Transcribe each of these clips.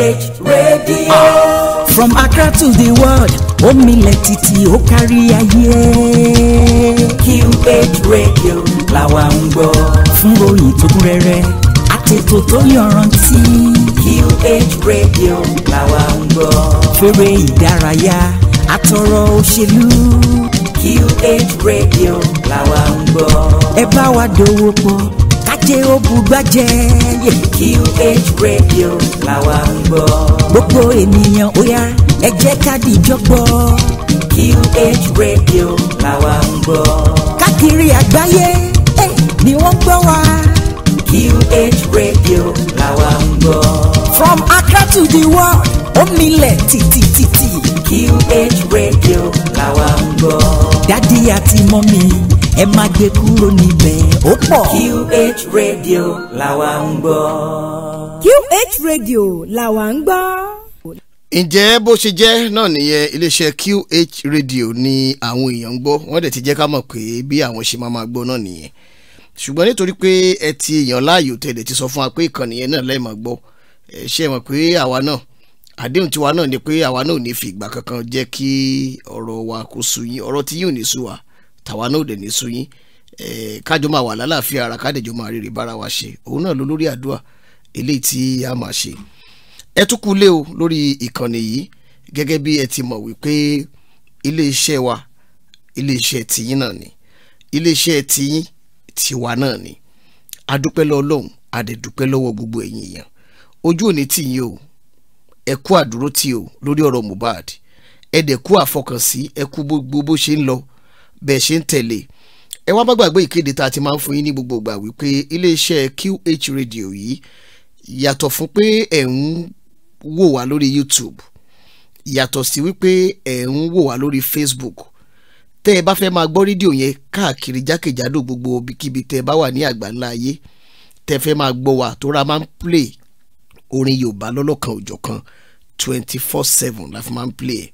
Village Radio. From Accra to the world, ó milẹ̀ o ó kárí QH Radio làwa ń gbọ́. Fún ròyìn tó kún rẹ́rẹ́, àtètò tó yọrantí. QH Radio làwa ń gbọ́. Fèrè ìdárayá, àtọ̀rọ̀ òṣèlú. QH Radio làwa ń gbọ́. Ẹ bá wa dòwò pọ̀ jáde ó bugbájẹ́. QH radio làwa ń gbọ́. gbogbo ènìyàn ó yá ẹ jẹ́ ká dìjọ́ gbọ́. QH radio làwa ń gbọ́. káàkiri àgbáyé ni wọ́n gbọ́ wa. QH radio làwa ń gbọ́. from Accra to the world ó Titi titi, QH radio làwa ń gbọ́. dádì àti mọ́mí ẹ má gbé kúrò níbẹ̀ ó pọ̀. QH radio làwa ń gbọ́. QH radio làwa ń gbọ́. ǹjẹ́ bó ṣe jẹ́ náà nìyẹn iléeṣẹ́ QH radio ni àwọn èèyàn ń gbọ́ wọ́n dẹ̀ ti jẹ́ ká mọ̀ pé bí àwọn ṣe máa máa gbọ́ náà nìyẹn ṣùgbọ́n nítorí pé ẹ ti èèyàn láàyò tẹ̀lé ti sọ fún wa pé ìkànnì yẹn náà lẹ́ẹ̀mọ̀ gbọ́ ẹ ṣe mọ̀ pé àwa náà àdéhùn tiwa náà ni pé àwa náà ò ní fi ìgbà kankan jẹ́ kí ọ̀rọ̀ wa kó sú yín ọ̀rọ̀ tí yín ní sú wa tàwa náà ò dẹ̀ ní sunyín kájọ máa wà lálàáfíà ara kádẹjọ máa rere bára wa ṣe òun náà ló lórí àdúrà eléyìí tí a máa ṣe ẹ tún kú lé o lórí ìkànnì yìí gẹ́gẹ́ bí ẹ ti mọ̀ wípé iléeṣẹ́ wa iléeṣẹ́ tìyín náà ni iléeṣẹ́ tìyín tiwa náà ni adúpẹ́ lọ́wọ́ Ọlọ́run adẹ̀dúpẹ́ lọ́wọ́ gbogbo ẹ̀yin èèyàn ojú òní tìyín o ẹ kú àdúró tì o lórí ọ̀rọ̀ Mohbad ẹ dẹ̀ kú àfọkànsí ẹ kú gbogbo bó ṣe ń lọ bẹ́ẹ̀ ṣe ń tẹ̀lé ẹ wá bá gbàgbé ìkéde tá a ti máa ń fún yín ní gbogbo ìgbà wípé iléeṣẹ́ QH radio yìí yàtọ̀ fún pé ẹ̀ ń wò wá lórí YouTube yàtọ̀ sí wípé ẹ̀ ń wò wá lórí Facebook tẹ́ ẹ bá fẹ́ máa gbọ́ rédíò yẹn káàkiri jákèjádò gbogbo ibikíbi tẹ́ ẹ bá wà ní àgbáńlá ayé tẹ́ ẹ fẹ́ máa gbọ́ wá tó ra máa ń play orin Yorùbá lọ́lọ́kan òjọ̀kan twenty four seven la máa ń play ẹ̀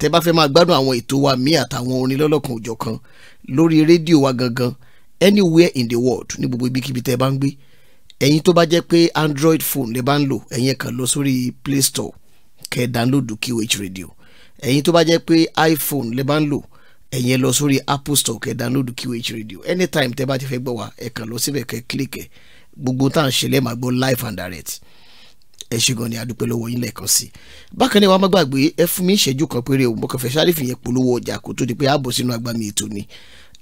tẹ́ bá fẹ́ máa gbádùn àwọn ètò wa míì àtàwọn orin lọ́lọ́kan òjọ̀kan lórí rédíò wa gangan anywhere in the world ní gbogbo ibikíbi tẹ́ bá ń gbé ẹ̀yin tó bá jẹ́ pé android phone lè bá ń lò ẹ̀yin kàn lọ sórí play store kẹ́ ẹ download QH radio ẹ̀yin tó bá jẹ́ pé iphone lè bá ń lò ẹ̀yin lọ sórí apple store kẹ́ ẹ download QH radio anytime tẹ́ bá ti fẹ́ gbọ́ wa ẹ kàn lọ síbẹ̀ kẹ́ ẹ gbogbo tá à ń ṣe lẹ́ẹ̀ máa gbọ́ live and direct ẹ ṣe gan ni adúpẹ́ lọ́wọ́ yín lẹ́ẹ̀kan sí i bákan náà wàá má gbàgbé ẹ fún mi ìṣẹ́jú kan péré o mo kàn fẹ́ sáré fìyẹn polówó ọjà kó tó di pé ààbò sínú agbami ètò ni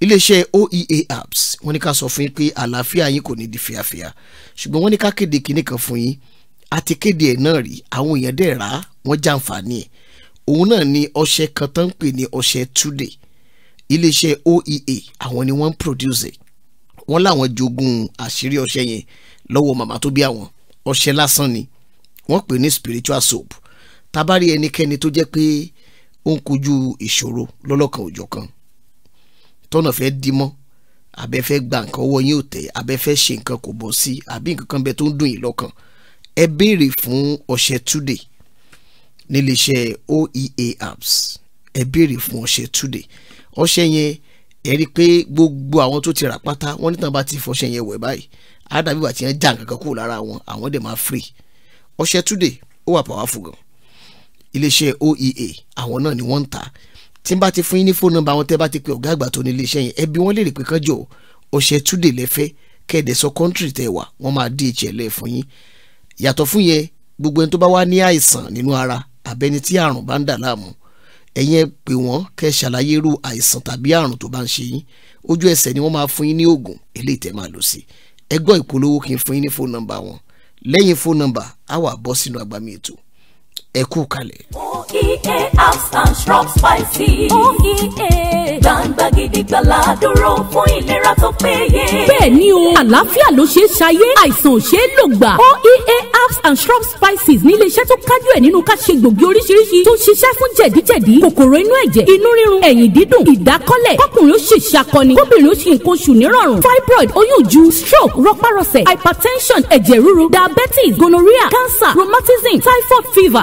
iléeṣẹ́ oea apps wọ́n ní ká sọ fún yín pé àlàáfíà yín kò ní di fíafíà ṣùgbọ́n wọ́n ní ká kéde kinní kan fún yín àti kéde ẹ̀ náà rí àwọn èèyàn dẹ̀ rà á wọ́n jàǹfààní ẹ̀ òun ni ọṣẹ kan tó ń pè ní ọṣẹ e ni wọ́n ń produce ẹ̀ wọ́n láwọn jogún àṣírí ọṣẹ yẹn lọ́wọ́ màmá tó bí ọṣẹ lásán ni wọ́n pè ní spiritual soap tabari ẹnikẹ́ni tó jẹ́ pé ó ń kojú ìṣòro lọ́lọ́kan òjọ̀ kan tọ́nà fẹ́ dímọ́ abẹ́ fẹ́ gba nǹkan ọwọ́ yín ò tẹ̀ abẹ́ fẹ́ ṣe nǹkan kò bọ́ sí àbí nǹkan kan bẹ tó ń dùn yín lọ́kàn ẹ béèrè fún ọṣẹ túdè níléeṣẹ́ oea apps ẹ béèrè fún ọṣẹ túdè ọṣẹ yẹn ẹ rí i pé gbogbo àwọn tó ti rà pátá wọ́n ní tàn bá ti fọṣẹ yẹn wẹ̀ báyìí á dàbí tí wọ́n já nǹkan kan kúrò lára wọn àwọn dẹ̀ máa free ọṣẹ today ó wà powerful gan iléeṣẹ́ oea àwọn náà ni wọ́n ń ta tí n bá ti fún yín ní fóònù nọ́mbà wọn tẹ́ bá ti pe ọ̀gá àgbà tó ní iléeṣẹ́ yẹn ẹbí wọ́n lè pé kánjọ ọṣẹ today lẹ́fẹ́ kẹ́ẹ̀dẹ̀ sọ kọ́ńtírì tẹ́ wà wọ́n máa DHL ẹ̀ fún yín yàtọ̀ fún yẹn gbogbo ẹni tó bá wá ní àìsàn nínú ara àbẹ́ni tí àrùn bá ń dà láàmú ẹ̀yin ẹ pè wọ́n kẹ́ ṣàlàyé irú àìsàn tàbí àrùn tó bá ń ṣe yín ojú ẹsẹ̀ ni wọ́n máa fún yín ní oògùn eléyìí tẹ́ máa lò sí ẹ ìpolówó kí n fún yín ní fóònù nọ́mbà wọn 0244 lẹ́yìn fóònù nọ́mbà á wà bọ́ sínú agbami ètò ẹ kú kalẹ̀. oea herbs and shrub spices. oea gbangba gidigba la dúró fún ìlera tó péye. bẹ́ẹ̀ ni o àlàáfíà ló ṣe é ṣayé àìsàn ò ṣe é lò gbà. oea herbs and shrub spices ní iléeṣẹ́ tó kájú ẹ̀ nínú ká ṣe gbòógì oríṣiríṣi tó ṣiṣẹ́ fún jẹ̀díjẹ̀dí kòkòrò inú ẹ̀jẹ̀ inú rírun ẹ̀yìn dídùn ìdákọ́lẹ̀ kọkùnrin ó ṣe ṣàkọni kóbìnrin ó ṣe nǹkan oṣù nírọ̀rùn fibroid oyún ju stroke rọpárọsẹ̀ hypertension ẹ̀jẹ̀ ríru diabetes gonorrhea cancer rheumatism typhoid fever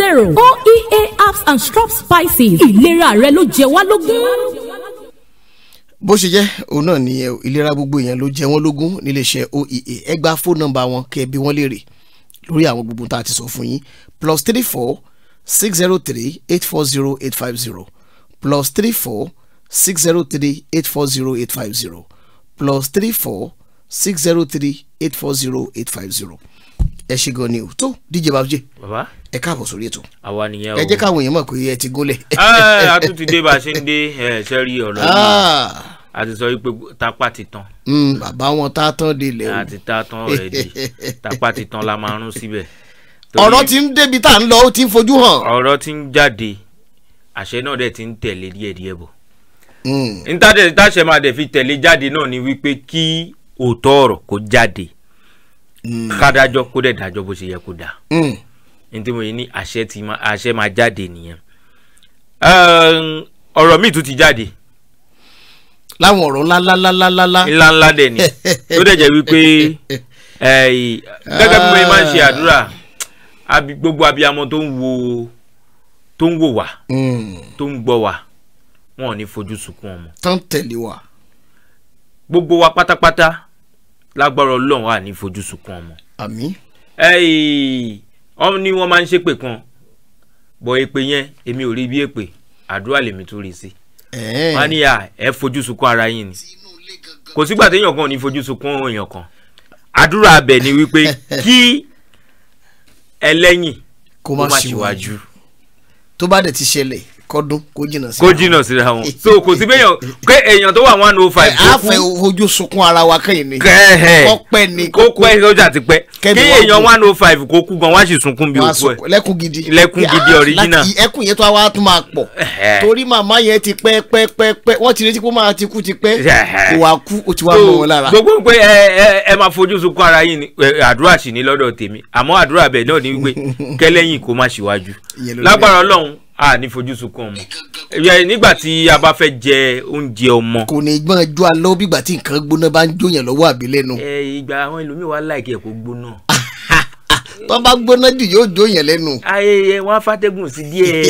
zero oea herbs and strop spices ìlera rẹ ló jẹ wá lógún bó ṣe jẹ́ òun náà ni eh, ìlera gbogbo èèyàn ló jẹ wọ́n lógún níléeṣẹ́ oea ẹ gba fóònù nọ́mbà wọn kẹ́ ẹ bí wọ́n léèrè lórí àwọn gbogbo tá a ti sọ fún yín plus three four six zero three eight four zero eight five zero plus three four six zero three eight four zero eight five zero plus three four six zero three eight four zero eight five zero ẹ ṣe gan ni o tó díje babjé ẹ káàbọ̀ sórí ètò àwa nìyẹn o ẹ jẹ́ káwọn èèyàn mọ̀ pé ẹ ti gólẹ̀. Ah, a tún ti dé bá a ṣe ń dé sẹ́rí ọ̀rọ̀ yìí ah. a ti sọ wípé tápá ti tán. Hmm, bàbá wọn tá tán de ilẹ̀ a ti tá tán rẹ̀ di tápá ti tán la máa rún síbẹ̀. ọ̀rọ̀ ti ń débi tá à ń lọ ó ti ń fojú hàn. ọ̀rọ̀ ti ń jáde àṣẹ náà dẹ̀ ti ń tẹ̀lé díẹ̀díẹ̀ bọ̀. Hmm. ntàṣẹ máa dẹ̀ fi tẹ̀lé jáde náà ni wípé kí òótọ́ ọ̀rọ̀ kó jáde Hmm. kádájọ́ kó dẹ̀ dájọ́ bó ṣe yẹ kó dáa hmm. nítorí mo yẹ ní àṣẹ ti ma àṣẹ máa jáde nìyẹn ọ̀rọ̀ míì tún ti jáde. láwọn ọ̀rọ̀ ńláńláńláńlá. ńláńlá dẹ̀ ni tó dẹ̀ jẹ́ wípé gẹ́gẹ́ bí mo máa ń ṣe àdúrà gbogbo abiyamọ tó ń wo tó ń wò wá hmm. tó ń gbọ́ wá wọn ò ní fojú sunkún ọmọ. tán tẹ̀lé wa. gbogbo wa pátápátá lágbára Ọlọ́run wà ní fojú sunkún ọmọ. àmín. ọ̀hún ni wọ́n máa ń ṣépè kan bọ̀ èpè yẹn èmi ò rí bí èpè àdúrà lèmi tó rí sí. wọ́n á ní à ẹ fojú sunkún ara yín ni kò sígbà téèyàn kan ò ní fojú sunkún èèyàn kan àdúrà abẹ ni wípé kí ẹlẹ́yìn kó má ṣíwájú tó bá dẹ̀ ti ṣẹlẹ̀ kọdún kó jìnnà sí. kó jìnnà síra wọn so kò sí bẹ́yàn pé èèyàn tó wà one oh five. a fẹ́ ojú sunkún ara wa kẹ́yìn ni. kó pẹ́ ni kó pẹ́ sọ́jà ti pẹ́ kí èèyàn one oh five kó kú gan wá sì sunkún bí òkú ẹ̀. lẹ́kùn gidi lẹ́kùn gidi original. ẹkùn yẹn tó wá tún máa pọ̀ torí màmá yẹn ti pẹ́ pẹ́ pẹ́ pẹ́ wọ́n ti retí kó máa ti kú ti pẹ́ kó wá kú ó ti wá mọ̀ wọn lára. gbogbo pé ẹ ẹ ẹ máa fojú sunkún ara yín ni àdúrà sì ní lọ́dọ̀ tèmi àmọ́ àdúrà bẹ́ẹ̀ náà ni wípé kẹ́lẹ́yìn kó má ṣíwájú lágbára Ọlọ́run a ní fojú sunkún ọmọ nígbà tí a bá fẹ́ jẹ oúnjẹ ọmọ. kò ní gbọ́n ju alọ́ bí ìgbà tí nǹkan gbóná bá ń jóyàn lọ́wọ́ àbí lẹ́nu. ẹ ìgbà àwọn ẹlòmíì wá láìkí ẹ̀ kó gbóná. tó bá gbóná jù yóò jóyàn lẹ́nu. ayẹyẹ wọn fàtẹ́gùn sí díẹ̀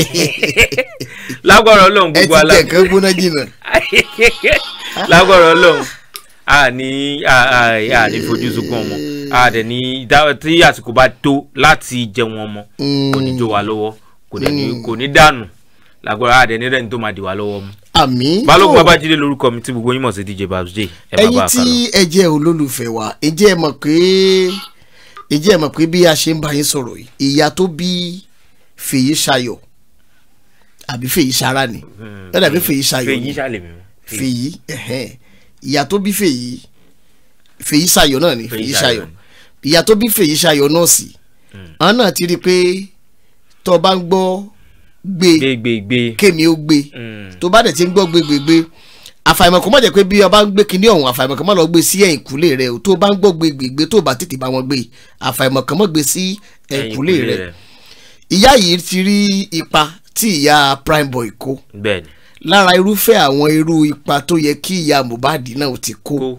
lágbára Ọlọ́run gbogbo ala. ẹ ti kẹ̀kẹ́ gbóná jìnnà. lágbára Ọlọ́run a ní a ní fojú sunkún ọmọ a dẹ̀ ní tí àsìkò bá tó láti jẹun ọmọ kò ní jó wa lọ́wọ́ kò ní hmm. kò ní dànù lágbára àdẹni rẹ̀ ní tó máa dì wá lọ́wọ́ mu. àmì tó balógun babájídé lórúkọ mi tí gbogbo yín mọ̀ sí dj babs j ẹ má bá a kà lọ. ẹ̀yin tí ẹ jẹ́ olólùfẹ́ wa ǹjẹ́ ẹ mọ̀ pé ǹjẹ́ ẹ mọ̀ pé bí a ṣe ń bá yín sọ̀rọ̀ yìí ìyá tó bí hmm. fèyí ṣayọ̀ àbí fèyí ṣara ni lọ́dà bí fèyí ṣayọ̀ ni fèyí ìyá tó bí fèyí fèyí ṣayọ̀ náà ni fèyí ṣayọ̀ ìyá tó bí fèyí ṣayọ̀ náà sì hmm. àwọn náà ti rí i pé tó bá ń gbọ́ gbé kémi ó gbé mm. tó bá dẹ̀ ti ń gbọ́ gbégbégbé àfàìmọ̀ kó má jẹ́ pé bí ọba ń gbé kinní ọ̀hún àfàìmọ̀ kan má lọ gbé sí ẹ̀yìnkùlé rẹ o tó bá ń gbọ́ gbégbégbé tó bá tètè bá wọn gbé àfàìmọ̀ má gbé sí ẹ̀yìnkùlé rẹ ìyá yìí ti rí ipa tí ìyá boy kó lára irúfẹ́ àwọn irú ipa tó yẹ kí ìyá Mohbad náà ti kó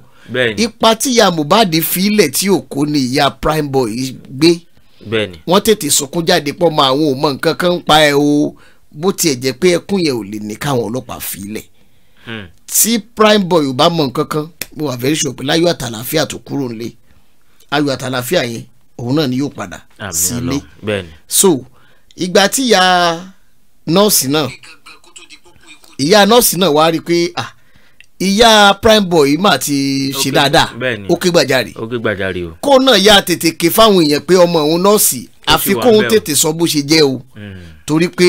ipa tí ìyá Mohbad fi ilẹ̀ tí ò kó ni ìyá Primeboy gbé bẹ́ẹ̀ni wọ́n tètè sunkún jáde pọ̀ mọ́ àwọn ò mọ nǹkan kan ń pa ẹ o bó tiẹ̀ jẹ́ pé ẹkún yẹn ò lè ní káwọn ọlọ́pàá fi lẹ̀ hmm. tí prime boy ò bá mọ nǹkan kan mo wà very sure pé láyọ̀ àtàlàfíà tó kúrò nílé ayọ̀ àtàlàfíà yẹn òun náà ni yóò padà sílé so ìgbà tí ìyá nọ́ọ̀sì náà ìyá nọ́ọ̀sì náà wá rí i pé ah ìyá prime boy mà ti ṣe dáadáa ó ké gbàjarè o. kó náà ya tètè ké fáwọn èèyàn pé ọmọ òun nọ́ọ̀sì àfikún òun tètè sọ bó ṣe jẹ́ o hmm. torí pé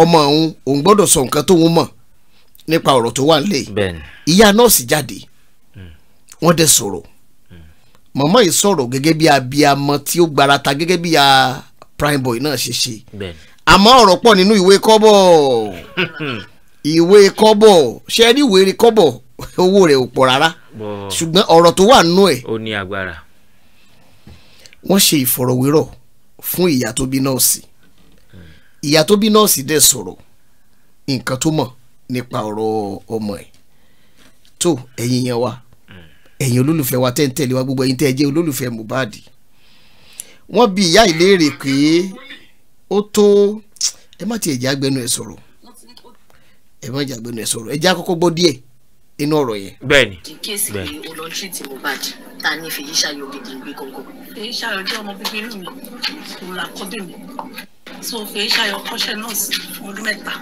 ọmọ òun òun gbọ́dọ̀ sọ nǹkan tóun mọ̀ nípa ọ̀rọ̀ tó wà nílẹ̀ ìyá nọ́ọ̀sì jáde hmm. wọ́n dẹ̀ sọ̀rọ̀ hmm. màmá yìí sọ̀rọ̀ gẹ́gẹ́ bí abiyamọ tí ó gbarata gẹ́gẹ́ bí prime boy náà ṣe ṣe àmọ́ ọ̀rọ̀ pọ̀ nínú ìwé kọ́bọ̀ ìwé kọ́bọ̀ ṣe rí ìwé kọ́bọ̀ owó rẹ̀ ò pọ̀ rárá ṣùgbọ́n ọ̀rọ̀ tó wà nínú ẹ̀. ó ní agbára. wọ́n ṣe ìfọ̀rọ̀wérọ̀ fún ìyá tó bí nọ́ọ̀sì ìyá tó bí nọ́ọ̀sì dẹ̀ sọ̀rọ̀ nǹkan tó mọ̀ nípa ọ̀rọ̀ ọmọ ẹ̀ tó ẹ̀yin yẹn wa ẹ̀yin olólùfẹ́ wa tẹ́ǹtẹ̀lé wa gbogbo ẹ̀yin tẹ́ ẹ jẹ́ olólùfẹ́ Mohbad wọ́n bi ìyá ìléèrè pé ó tó ẹ má tiẹ̀ jẹ́ ẹ̀ sọ̀rọ̀ ẹ má jàgbẹ́nu ẹ̀ sọ̀rọ̀ ẹ jẹ́ àkọ́kọ́ gbọ́ díẹ̀ inú ọ̀rọ̀ yẹn. bẹ́ẹ̀ni bẹ́ẹ̀ni. kéèsì pé olóńtì tí Mohbad ta ni fèyí ṣayọ gidi gbé kọ̀ọ̀kan fèyí ṣayọ jẹ́ ọmọ bíbélì mi kò là kọ́dé mi so fèyí ṣayọ kọ́ṣẹ́ nọ́ọ̀sì fún ọdún mẹ́ta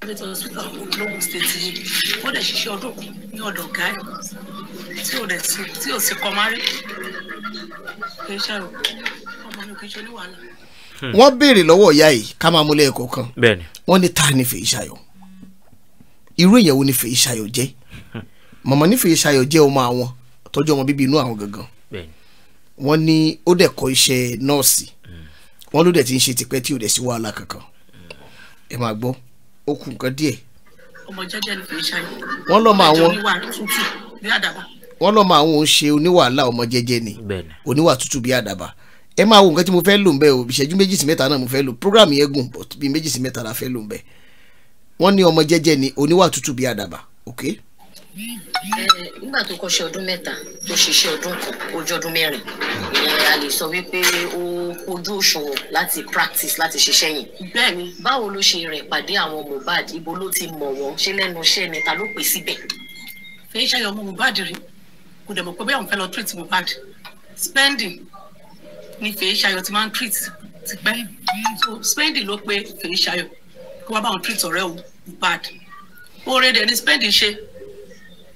private hospital lógun state yìí ó dẹ̀ ṣiṣẹ́ ọdún kan ní ọ̀dọ̀ ọ̀gá ẹ̀ tí ò dẹ̀ sí tí ò sì kọ́ márí fèyí ṣayọ ọmọ mi kì í ṣe oníwàhálà. Hmm. wọ́n béèrè lọ́wọ́ ìyá yìí ká máa múlẹ̀ ẹ̀kọ́ kan wọ́n ní ta ni fèyí ṣayọ irú èèyàn wo ni Fèyíṣayọ̀ jẹ́ màmá ní Fèyíṣayọ̀ jẹ́ ọmọ àwọn tọ́jú ọmọ bíbí inú àwọn gangan wọ́n ní ó dẹ̀ kọ́ iṣẹ́ nọ́ọ̀sì wọ́n ló dẹ̀ ti ń ṣe tipẹ́ tí ò dẹ̀ sí wàhálà kankan ẹ máa gbọ́ ó kù nǹkan díẹ̀. ọmọ jẹ́jẹ́ ni Fèyíṣayọ̀ wọ́n lọ́mọ àwọn wọ́n lọ́mọ àwọn òun ṣe oníwàhálà ọmọ jẹ́jẹ́ ni oníwà tútù bí àdàbà ẹ máa wo nǹkan tí mo fẹ́ lò ń bẹ́ẹ̀ o ìṣẹ́jú méjì sí mẹ́ta náà mo fẹ́ lò program yẹn gùn bí méjì sí mẹ́ta la fẹ́ lò ń bẹ́ẹ̀ wọ́n ní ọmọ jẹ́jẹ́ ni oníwà tútù bíi àdàbà ok. nígbà tó kọ́ṣẹ́ ọdún mẹ́ta tó ṣiṣẹ́ ọdún kan ojú ọdún mẹ́rin a lè sọ wípé ó kojú òṣùwọ̀n láti practice láti ṣiṣẹ́ yẹn. bẹ́ẹ̀ni báwo ló ṣe rẹ̀ pàdé àwọn Mohbad ibo ló ti mọ̀ wọ́n ṣé lẹ́nu iṣẹ́ ni ta ló pè síbẹ̀. fèyí ṣayọ ọmọ Mohbad rí kò dẹ̀ mọ̀ pé bẹ́ẹ̀ òun fẹ́ lọ treat Mohbad spending ni fèyí ṣayọ ti máa ń treat tipẹ́ so spending ló pe fèyí ṣayọ kó wá báwọn treat ọ̀rẹ́ o bad oore dẹ̀ ni spending ṣe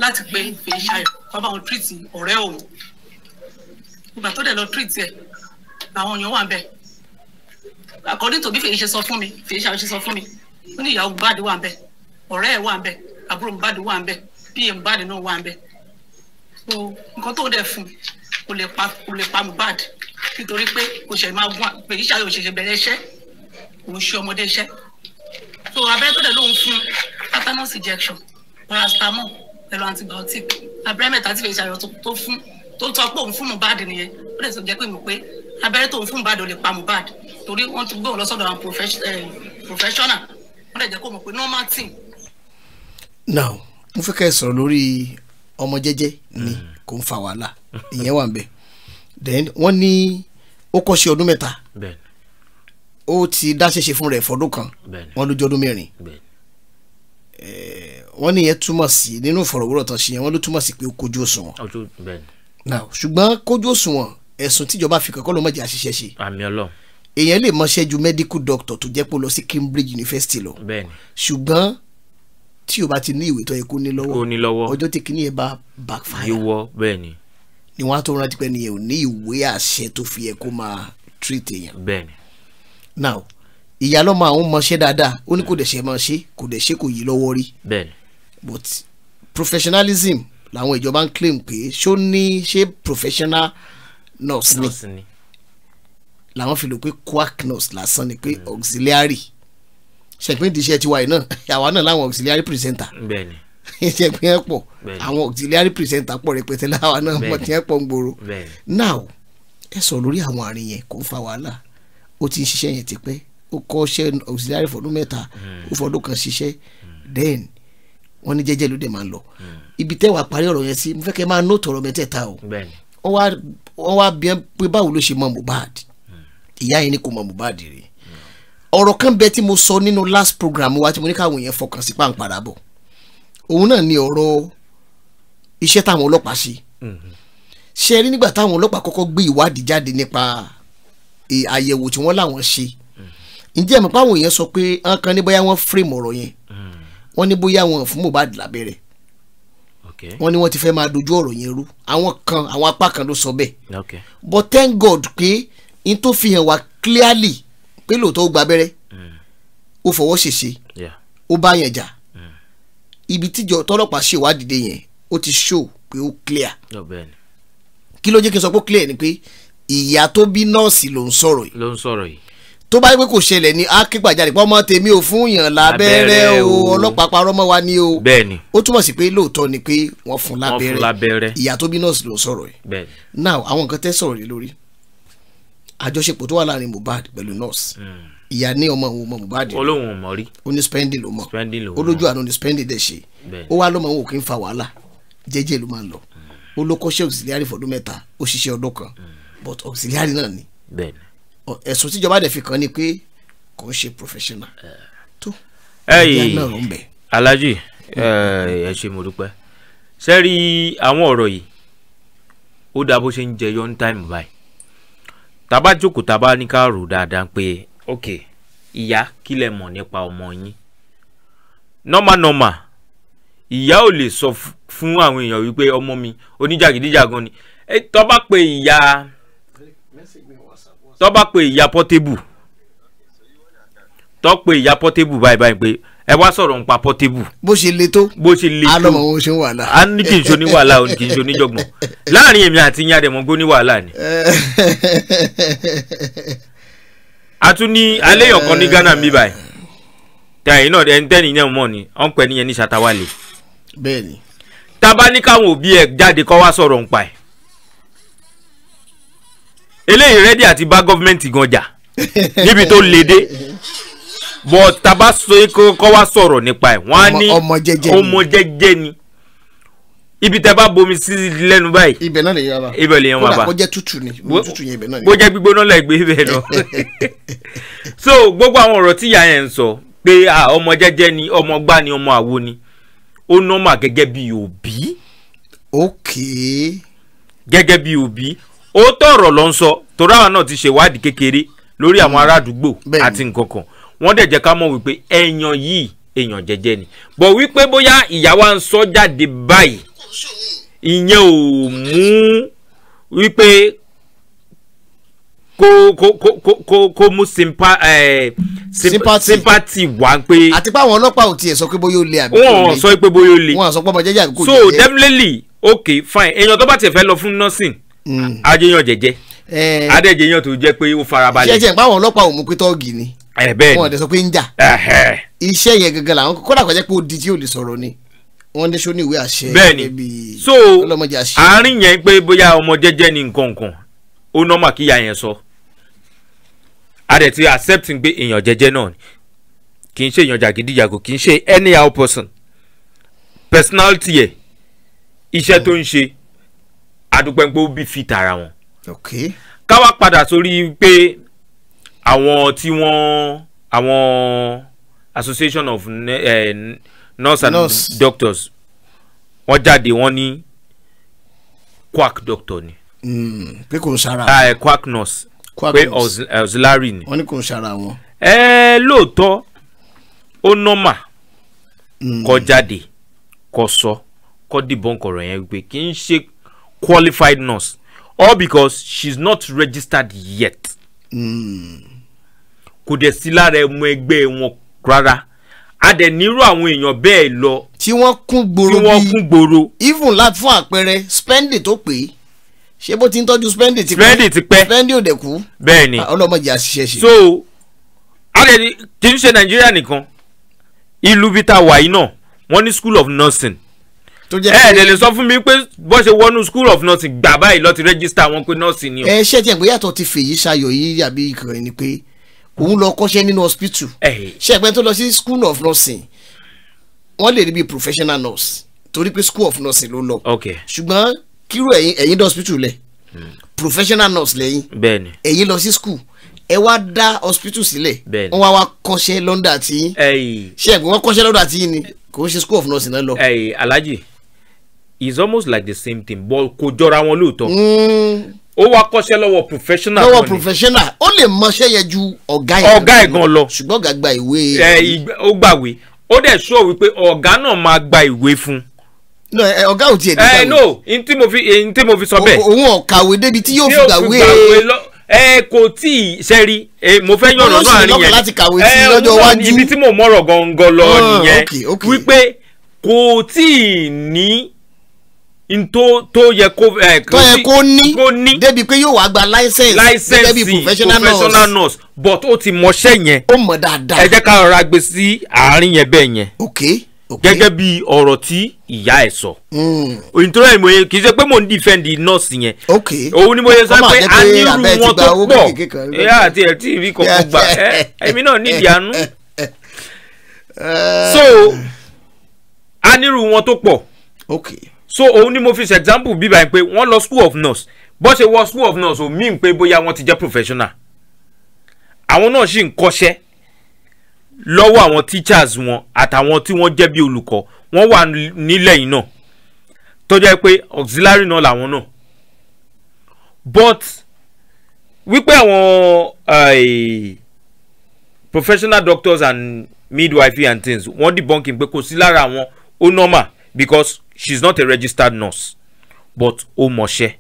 láti pé fèyí ṣayọ̀ kó wá báwọn treat ọ̀rẹ́ o ìgbà tó dẹ̀ lọ treat ẹ̀ làwọn èèyàn wà ń bẹ̀ according to bí fèyí ṣe sọ fún mi fèyí ṣayọ̀ ṣe sọ fún mi ó ní ìyàwó bad wà ń bẹ̀ ọ̀rẹ́ ẹ̀ wà ń bẹ̀ àbúrò bad wà ń bẹ̀ pm bad náà wà ń bẹ̀ so nǹkan tó dẹ̀ fún kò lè pa kò lè pa Mohbad nítorí pé kò ṣẹ̀ máa gún fèyí ṣayọ̀ òṣèṣe bẹ̀rẹ̀ iṣẹ́ òun ṣe ọmọdé iṣẹ́ so abẹ́rẹ́ tó dẹ̀ lóun fún tetanus injection paracetamol pẹ̀lú antibiotic abẹ́rẹ́ mẹ́ta tí lè ṣàyọ̀ tó fún tó tọ́ pé òun fún Mohbad nìyẹn ó dẹ̀ tó jẹ́ pé mo pé abẹ́rẹ́ tó ń fún Mohbad ò lè pa Mohbad torí wọ́n ti gbé òun lọ sọ́dọ̀ àwọn eh, professional wọ́n dẹ̀ jẹ́ kó mọ̀ pé normal thing. now mo fẹ́ kẹ́ ẹ sọ̀rọ̀ lórí ọmọ jẹ́jẹ́ ni hmm. kò ń fa wàhálà ìyẹn wà ń bẹ̀ then wọ́n ní ó kọ́ ṣe ọdún mẹ́ta. bẹ́ẹ̀ ó ti dáṣẹṣe fún rẹ̀ fọdún kan wọ́n ló jọ́dún mẹ́rin eh, wọ́n nìyẹn túmọ̀ sí nínú ìfọ̀rọ̀wérọ̀ tán ṣe yẹn wọ́n ló túmọ̀ sí pé ó kójú òṣùwọ̀n ṣùgbọ́n kójú òṣùwọ̀n ẹ̀sùn tíjọba fi kankan ló mọ̀ jẹ́ àṣìṣe ṣe èèyàn lè mọṣẹ́ ju medical doctor tó jẹ́ pé ó lọ sí Cambridge University lọ ṣùgbọ́n tí o bá ti ní ìwé tó yẹ kó ní lọ́wọ́ ọjọ́ tí kìíní yẹn bá backfire ni wọ́n á tó rántí pé nìyẹn ò ní ìwé àṣẹ tó fi yẹ kó máa treat èèyàn now ìyá lọ́mọ àwọn mọ ṣe dáadáa ó ní kò dẹ̀ ṣe mọ ṣe kò dẹ̀ ṣe kò yí lọ́wọ́ rí but professionalism làwọn ìjọba ń claim pé ṣó ní ṣe professional nurse ni làwọn fi lò pé quack nurse lásán ni pé auxiliary ṣẹ̀gbìn ìdíṣẹ́ tiwa yìí náà àwa náà láwọn auxiliary presenter ṣẹ̀gbìn ẹ̀ pọ̀ àwọn auxiliary presenter pọ̀ rẹpẹtẹ láwa náà mọ̀ tí ẹ̀ pọ̀ ń gbòòrò now ẹ sọ lórí àwọn àrìn yẹn kò ń fa wàhálà ó ti ń ṣiṣẹ́ yẹn tipẹ́ ó kọ́ ṣẹ́ auxiliary fọdún mẹ́ta hmm. ó fọdún kan ṣiṣẹ́ hmm. then wọ́n ní jẹ́jẹ́ ló dé máa ń lọ hmm. ibi tẹ́ wàá parí ọ̀rọ̀ yẹn sí mo fẹ́ kẹ́ máa nó tọ̀rọ̀ mẹ́tẹ̀ẹ̀ta o wọ́n wá bí pé báwo ló ṣe mọ Mohbad ìyá yẹn ni kò mọ Mohbad rèé ọ̀rọ̀ kan bẹ tí mo sọ nínú last program wa tí mo ní káwọn èèyàn fọkàn sí pàǹpàrà bọ̀ òun náà ni ọ̀rọ̀ iṣẹ́ táwọn ọlọ́pàá ṣe ṣe rí nígbà táwọn ọlọ́pàá kọ́kọ́ gbé ìwádìí jáde nípa àyẹ̀wò tí wọ́n láwọn ṣe ǹjẹ́ mọ̀ páwọn èèyàn sọ pé wọ́n kan ní bóyá wọ́n fírèmù ọ̀rọ̀ yẹn wọ́n ní bóyá wọn fún Mohbad lábẹ́rẹ́ wọ́n ní wọ́n ti fẹ́ máa dojú ọ̀rọ̀ yẹn rú àwọn kan àwọn apá kan ló sọ bẹ́ẹ̀ but thank God pé n tó fi hàn wá clearly pé lóòótọ́ ó gba abẹ́rẹ́ ó fọwọ́ ṣèṣe ó bá yẹn jà mm. ibi tíjọ tọlọ́pàá ṣèwádìí dé yẹn ó ti show pé ó clear oh, kí ló jẹ́ kí n sọ pé ó clear ni pé ìyá tó bí nọ́ọ̀sì ló ń sọ̀rọ̀ yìí. ló ń sọ̀rọ̀ yìí. tó bá yẹ kò ṣẹlẹ̀ ni a ké gbàjarè pé ọmọ tèmi ò fún yàn lábẹ́rẹ́ o ọlọ́pàá parọ́ mọ́ wa ni o. bẹ́ẹ̀ni. ó túmọ̀ sí pé lóòótọ́ ni pé wọ́n fún lábẹ́rẹ́ ìyá tó bí nọ́ọ̀sì ló ń sọ̀rọ̀ yìí. bẹ́ẹ̀ni. now àwọn nǹkan tẹ́ sọ̀rọ̀ lé lórí àjọṣepọ̀ tó wà láàrin Mohbad pẹ̀lú nọ́ọ̀sì hmm. ìyá ní ọmọ òun mọ Mohbad olóhùn ò mọ rí ó ní spending ló mọ olójú àná ní spending dẹ̀ ṣe ó wá lọ́mọ òun kì í fa wàhálà jẹ́jẹ́ ló máa ń lọ hmm. ó ló kọ́ṣẹ́ auxiliary fọ́dún mẹ́ta ó ṣiṣẹ́ ọdún kan. Mm but auxiliary náà ni ẹ̀sùn tíjọba dẹ̀ fi kàn ni pé kò ń ṣe professional tó ẹ̀yìn náà ló ń bẹ̀. alájì ẹ ṣe mo dúpẹ́ sẹ́rí àwọn ọ̀rọ̀ yìí ó dáa bó ṣe ń jẹ yọ́n táìmù báyìí tàbá jókòó tàbá ní ká rò dáadáa pé ok ìyá kí lẹ mọ̀ nípa ọmọ yín normal normal ìyá ò lè sọ fún àwọn èèyàn wípé ọmọ mi oníjàgídíjàgan ni tó bá pe ìyá. E, tó bá pe ìyá pọ́tébù tó pe ìyá pọ́tébù báyìí báyìí pé ẹ wá sọ̀rọ̀ nípa pọ́tébù. bó ṣe le tó bó ṣe le tó alọ́mọ wo ṣe ń wàhálà. a ní kì í ṣe oníwàhálà o kì í ṣe oníjọ̀gbọ̀n láàrin èmi àti yín adẹ̀mọ́ gbó níwàhálà ni. a tún ní aléyàn kan ní Ghana mi báyìí tẹ̀yìn náà ẹni tẹ́ni náà mọ̀ ni ọ̀n pẹ̀ níyẹn ní ṣàtàwálé. bẹ́ẹ̀ni. tá a bá ní káwọn òbí ẹ̀ jáde kọ́ wá sọ̀rọ̀ nípa eléyìí rẹ́dí àti bá gọ́fìmẹ̀ntì gan jà níbi tó le dé bọ̀ taba kọ́ wá sọ̀rọ̀ nípa ẹ̀ wọ́n á ní ọmọ jẹ́jẹ́ ni ibi tẹ bá bomi sí lẹ́nu báyìí ibẹ̀ náà lè yára ibẹ̀ lè yára bá kó jẹ́ tútù bó jẹ́ gbígbóná lẹ gbé ibẹ̀ lọ so gbogbo àwọn ọ̀rọ̀ tíyà yẹn ń sọ pé ọmọ jẹ́jẹ́ ni ọmọ gbá ni ọmọ àwo ni ó nọ́mà gẹ́gẹ́ bí òbí. ok. gẹ́gẹ́ bí òbí ó tọ̀rọ̀ ló ń sọ torí àwọn náà ti ṣèwádìí kékeré lórí àwọn mm. ará àdúgbò àti nǹkan kan wọ́n dẹ̀ jẹ́ ká mọ̀ wípé ẹ̀yàn yìí èèyàn jẹ́jẹ́ ni bọ̀ wípé bóyá ìyá wa ń sọ jáde báyìí ìyẹn ò mú wípé kó kó kó kó mú simpa ẹ sympathy wá pé. àti pé àwọn ọlọ́pàá ò tiẹ̀ sọ pé bóyá ó le àbí kò le wọ́n sọ pé bóyá ó le wọ́n sọ pé ọmọ jẹ́jẹ́ àbí kò jẹ́jẹ́. so definitely okay fine èèyàn tó bá tiẹ̀ fẹ́ lọ fún nursing Mm. ajéyàn jẹ́jẹ́ eh. adéjéyàn tó jẹ́ pé ó farabalẹ̀. ṣẹ́ṣẹ́ ìpáwọn ọlọ́pàá ò mú pé tọ́ọ̀gì ni eh, wọn ò dẹ̀ sọ pé ń jà iṣẹ́ yẹn gangan làwọn kódà kọjá pé ó tí ò lè sọ̀rọ̀ ni wọ́n ní sóní ìwé àṣẹ. bẹ́ẹ̀ni so àárín yẹn pé bóyá ọmọ jẹ́jẹ́ ni nǹkan kan ó nọ́mà kíyà yẹn sọ a ti accept pé èèyàn jẹ́jẹ́ náà kì í ṣe èèyàn jàgídíjàgò kì í ṣe anyhow person personality yẹ iṣẹ́ tó ń ṣe adúpẹ́ńpẹ́ ó bí fi tara wọn. okay. ká wá padà sórí pé àwọn tí wọ́n àwọn association of eh, nurse and doctors wọ́n jáde wọ́n ní quack doctor ni. Hmm, pé kò ń ṣara ah, wọn. Eh, quack nurse pé auxiliary eh, ni. wọ́n ní kò ń ṣara wọn. ẹ lóòótọ́ ó normal hmm. kó jáde kó sọ kó dìbọn kọ̀rọ̀ yẹn gbé kì í ṣe qualified nurse all because she's not registered yet. kò dẹ̀ sí lára ẹ̀mú ẹgbẹ́ wọn rárá a dẹ̀ nírú àwọn èèyàn bẹ́ẹ̀ lọ. tí wọ́n kún gbòòrò bíi tí wọ́n kún gbòòrò. even láti fún àpẹẹrẹ spendi tó pè é ṣé bó ti ń tọ́jú spendi ti pẹ́ spendi ti pẹ́ spendi ò dẹ̀ kú. bẹ́ẹ̀ ni ah, ọlọ́mọdé àṣìṣe ṣe. so a dẹ̀ kì í ṣe nàìjíríà nìkan ìlú bíi tá a wà náà wọ́n ní school of nursing tó jẹ́ ẹ ẹ lè sọ fún mi pé bó ṣe wọnú school of nursing gbà báyìí lọ ti register wọn pé nọ́ọ̀sì ni o. ẹ ṣé tiẹ̀ pé yàtọ̀ ti fèyí ṣayọ̀ yìí àbí ìkànnì ni pé òun lọ kọ́ṣẹ́ nínú hospital ṣé ẹgbẹ́ tó lọ sí school of nursing wọ́n lè rí bí professional nurse torí pé school of nursing ló lọ ṣùgbọ́n kírò ẹ̀yin ẹ̀yin dé hospital lẹ̀ hmm. professional nurse lẹ́yìn ẹ̀yin lọ sí school ẹ wá dá hospital sílẹ̀ wọ́n wá wá kọ́ṣẹ́ lọ́ndà tí ṣé ẹ̀gbọ́n wọ́n kọ́ṣẹ́ lọ́ndà tí ni kò ń ṣe school of nursing náà lọ. Alhaji is almost like the same thing but kò jọra wọn lóòótọ́. Hmm. ó wá kọ́ṣẹ́ lọ́wọ́ professional. lọ́wọ́ professional ó lè mọṣẹ́ yẹn ju ọ̀gá ẹ̀ ọ̀gá ẹ̀ gan lọ ṣùgbọ́n ọ̀gá gba ìwé. ẹ ó gbàwé ó dẹ̀ sọ wípé ọ̀gá náà máa gba ìwé fún un no ọgá ò tiẹ̀ nígbà wo. no n tí mo fi n tí mo fi sọ bẹ́ẹ̀. òun ọ̀kàwé débi tí yóò fi gbàwé. ẹ kò tí ì sẹ́rí mo fẹ́ yọ̀rọ̀ náà rí yẹn ẹ ibi tí mo mọ̀rọ̀ gangan lọ ah, nìyẹn wípé kò tí ì ní n to tó yẹ kó ẹ eh, tó yẹ kó ní kó ní débi pé yóò wá gba license license gẹ́gẹ́ professional, professional nurse but ó ti mọṣẹ́ yẹn ó mọ̀ dáadáa ẹ jẹ́ ká rọra gbé sí àárín yẹn bẹ́ẹ̀ yẹn okay okay gẹ́gẹ́ bí ọ̀rọ̀ tí ìyá ẹ̀ sọ hmm. nítorí ẹ̀ mo yẹ kì í ṣe pé mo ń defend nurse yẹn okay òun ni mo yẹ sọ pé a ní irú wọn tó pọ̀ ẹ àti ẹ̀ tí ìrí kọ̀ọ̀kan gbà ẹ ẹ̀mí náà nídìí àánú so a nírú wọn tó pọ̀ okay so òun ni mo fi ṣe example bí báyìí pé wọ́n lọ school of nurse bó ṣe wọ school of nurse ò mean pé bóyá wọ́n ti jẹ́ professional àwọn náà sì ń kọ́ṣẹ́ lọ́wọ́ àwọn teachers wọn àtàwọn tí wọ́n jẹ́ bí olùkọ́ wọ́n wà nílẹ̀ yìí náà tó jẹ́ pé auxiliary náà làwọn náà but wípé àwọn uh, professional doctors and midwifery and things wọ́n debunking pé kò sí lára àwọn ó normal because she's not a registered nurse but ó mọṣẹ́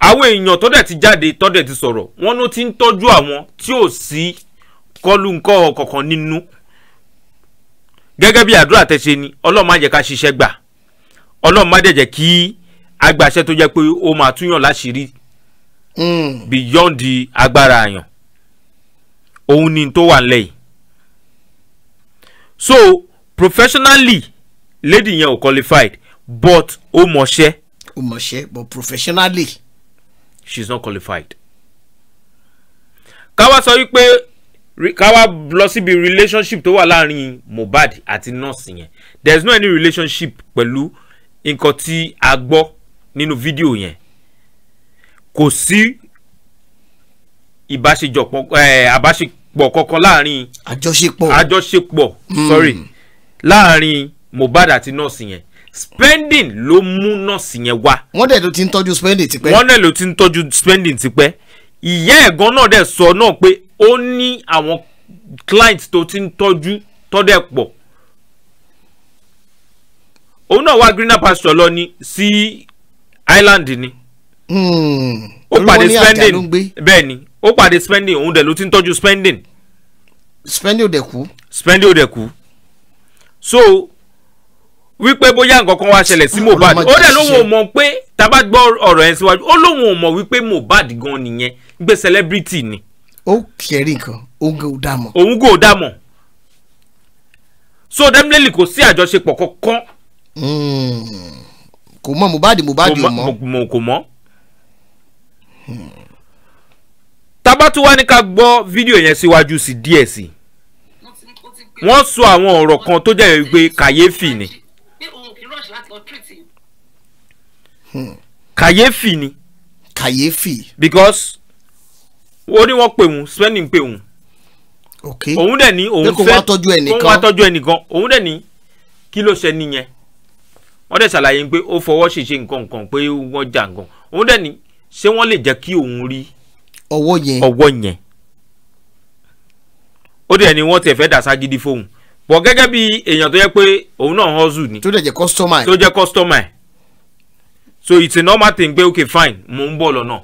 àwọn èèyàn tó dẹ̀ ti jáde tó dẹ̀ ti sọ̀rọ̀ wọn ló ti ń tọ́jú àwọn tí ò sí kọlù nǹkan kankan nínú gẹ́gẹ́ bí àdúrà tẹ̀sẹ̀ ni ọlọ́run má jẹ́ ká ṣiṣẹ́ gbà ọlọ́run má dẹ̀ jẹ́ kí agbàṣẹ tó jẹ́ pé ó máa túyàn láṣìírí hmm. beyond agbára àyàn òun ni tó wà nílẹ̀ so professionally lady yẹn ò qualified but ó mọṣẹ́. ó mọṣẹ́ but professionally. she is not qualified. káwa sọ wípé káwa lọ síbi relationship tó wà láàrin mohbad àti nurse yẹn there is no any relationship pẹ̀lú nǹkan tí a gbọ́ nínú fídíò yẹn kò sí ìbáṣejọpọ̀ ẹ̀ eh, àbáṣepọ̀ kankan láàrin àjọṣepọ̀ àjọṣepọ̀ hmm. sorry láàrin Mohbad àti nọ́ọ̀sì yẹn spending ló mú nọ́ọ̀sì yẹn wá. wọ́n dẹ̀ ló ti ń tọ́jú spending tipẹ́. wọ́n dẹ̀ ló ti ń tọ́jú spending tipẹ́ ìyá ẹ̀gán náà dẹ̀ sọ náà pé ó ní àwọn client tó ti ń tọ́jú tọ́dẹ̀ pọ̀ òun náà wá greener pasture lọ ni sí island ni. Hmm. ó pàdé spending bẹ́ẹ̀ ni ó pàdé spending òun dẹ̀ ló ti ń tọ́jú spending. spending ò dẹ̀ kú. spending ò dẹ̀ kú so wípé bóyá nǹkan kan wá ṣẹlẹ̀ sí Mohbad ó dẹ̀ lóun ò mọ̀ pé tábà gbọ́ ọ̀rọ̀ yẹn síwájú ó lóun ò wípé Mohbad gan nìyẹn gbé celebrity ni. ó kẹrí nǹkan òun kò dá mọ̀. òun kò dá mọ̀ so definitely kò sí àjọṣepọ̀ kankan. Hmm. kò mọ̀ Mohbad Mohbad ò mọ̀. kò mọ̀ tábà tún wá ní ká gbọ́ fídíò yẹn síwájú sí díẹ̀ sí wọ́n sọ àwọn ọ̀rọ̀ kan tó jẹ́ pé kàyéfì ni church láti lọ treat you. kàyéfì ni. kàyéfì. because ó ní wọ́n pè wọ́n spending pè wọ́n. ok òun dẹ̀ ní òun fẹ́ kó wá tọ́jú ẹnìkan kó wá tọ́jú ẹnìkan òun dẹ̀ ní kí ló ṣe nìyẹn wọ́n dẹ̀ ṣàlàyé pé ó fọwọ́ ṣèṣe nǹkan kan pé wọ́n jà nǹkan òun dẹ̀ ní ṣé wọ́n lè jẹ́ kí òun rí ọwọ́ yẹn ọwọ́ yẹn ó dẹ̀ ní wọ́n tẹ̀ fẹ́ dà ságídí fóun bọ̀ gẹ́gẹ́ bí èèyàn tó yẹ pé òun náà hustle ni. tó dẹ̀ jẹ́ customer ẹ̀. tó jẹ́ customer ẹ̀ so it's a normal thing pé okay fine mo ń bọ̀ lọ́nà.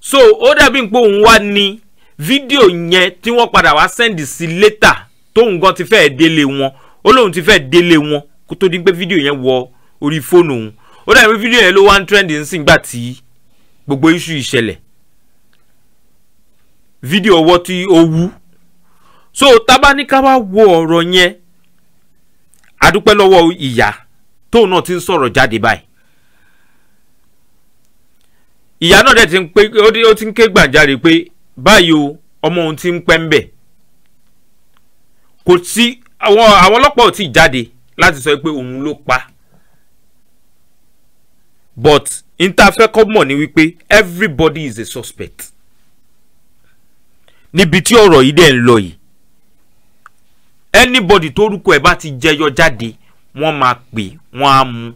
so ó dàbí pé òun wá ní fídíò yẹn tí wọ́n padà wá send sí later tóun gan ti fẹ́ délé wọn ó lóun ti fẹ́ délé wọn kó tó di pé fídíò yẹn wọ orí fóònù òun ó dàbí pé fídíò yẹn ló wá ń trend nsìn gbà tí gbogbo iṣu ìṣẹ̀lẹ̀ fídíò ọwọ́ tí ó wú so tabaníká wá wo ọ̀rọ̀ yẹn adúpẹ́ lọ́wọ́ ìyá tóun náà ti ń sọ̀rọ̀ jáde báyìí ìyá náà dẹ̀ ti ń pé ó ti ń ké gbàǹjarè pé báyìí o ọmọ òun ti ń pẹ́ ń bẹ̀ kò sí àwọn ọlọ́pàá ò tí ì jáde láti sọ pé òun ló pa but interfẹ́kọ́ mọ̀ ni wípé everybody is a suspect níbi tí ọ̀rọ̀ yìí dẹ̀ ń lọ yìí anybody tórúkọ ẹ̀ bá ti jẹyọ jáde wọ́n máa pè wọ́n á mú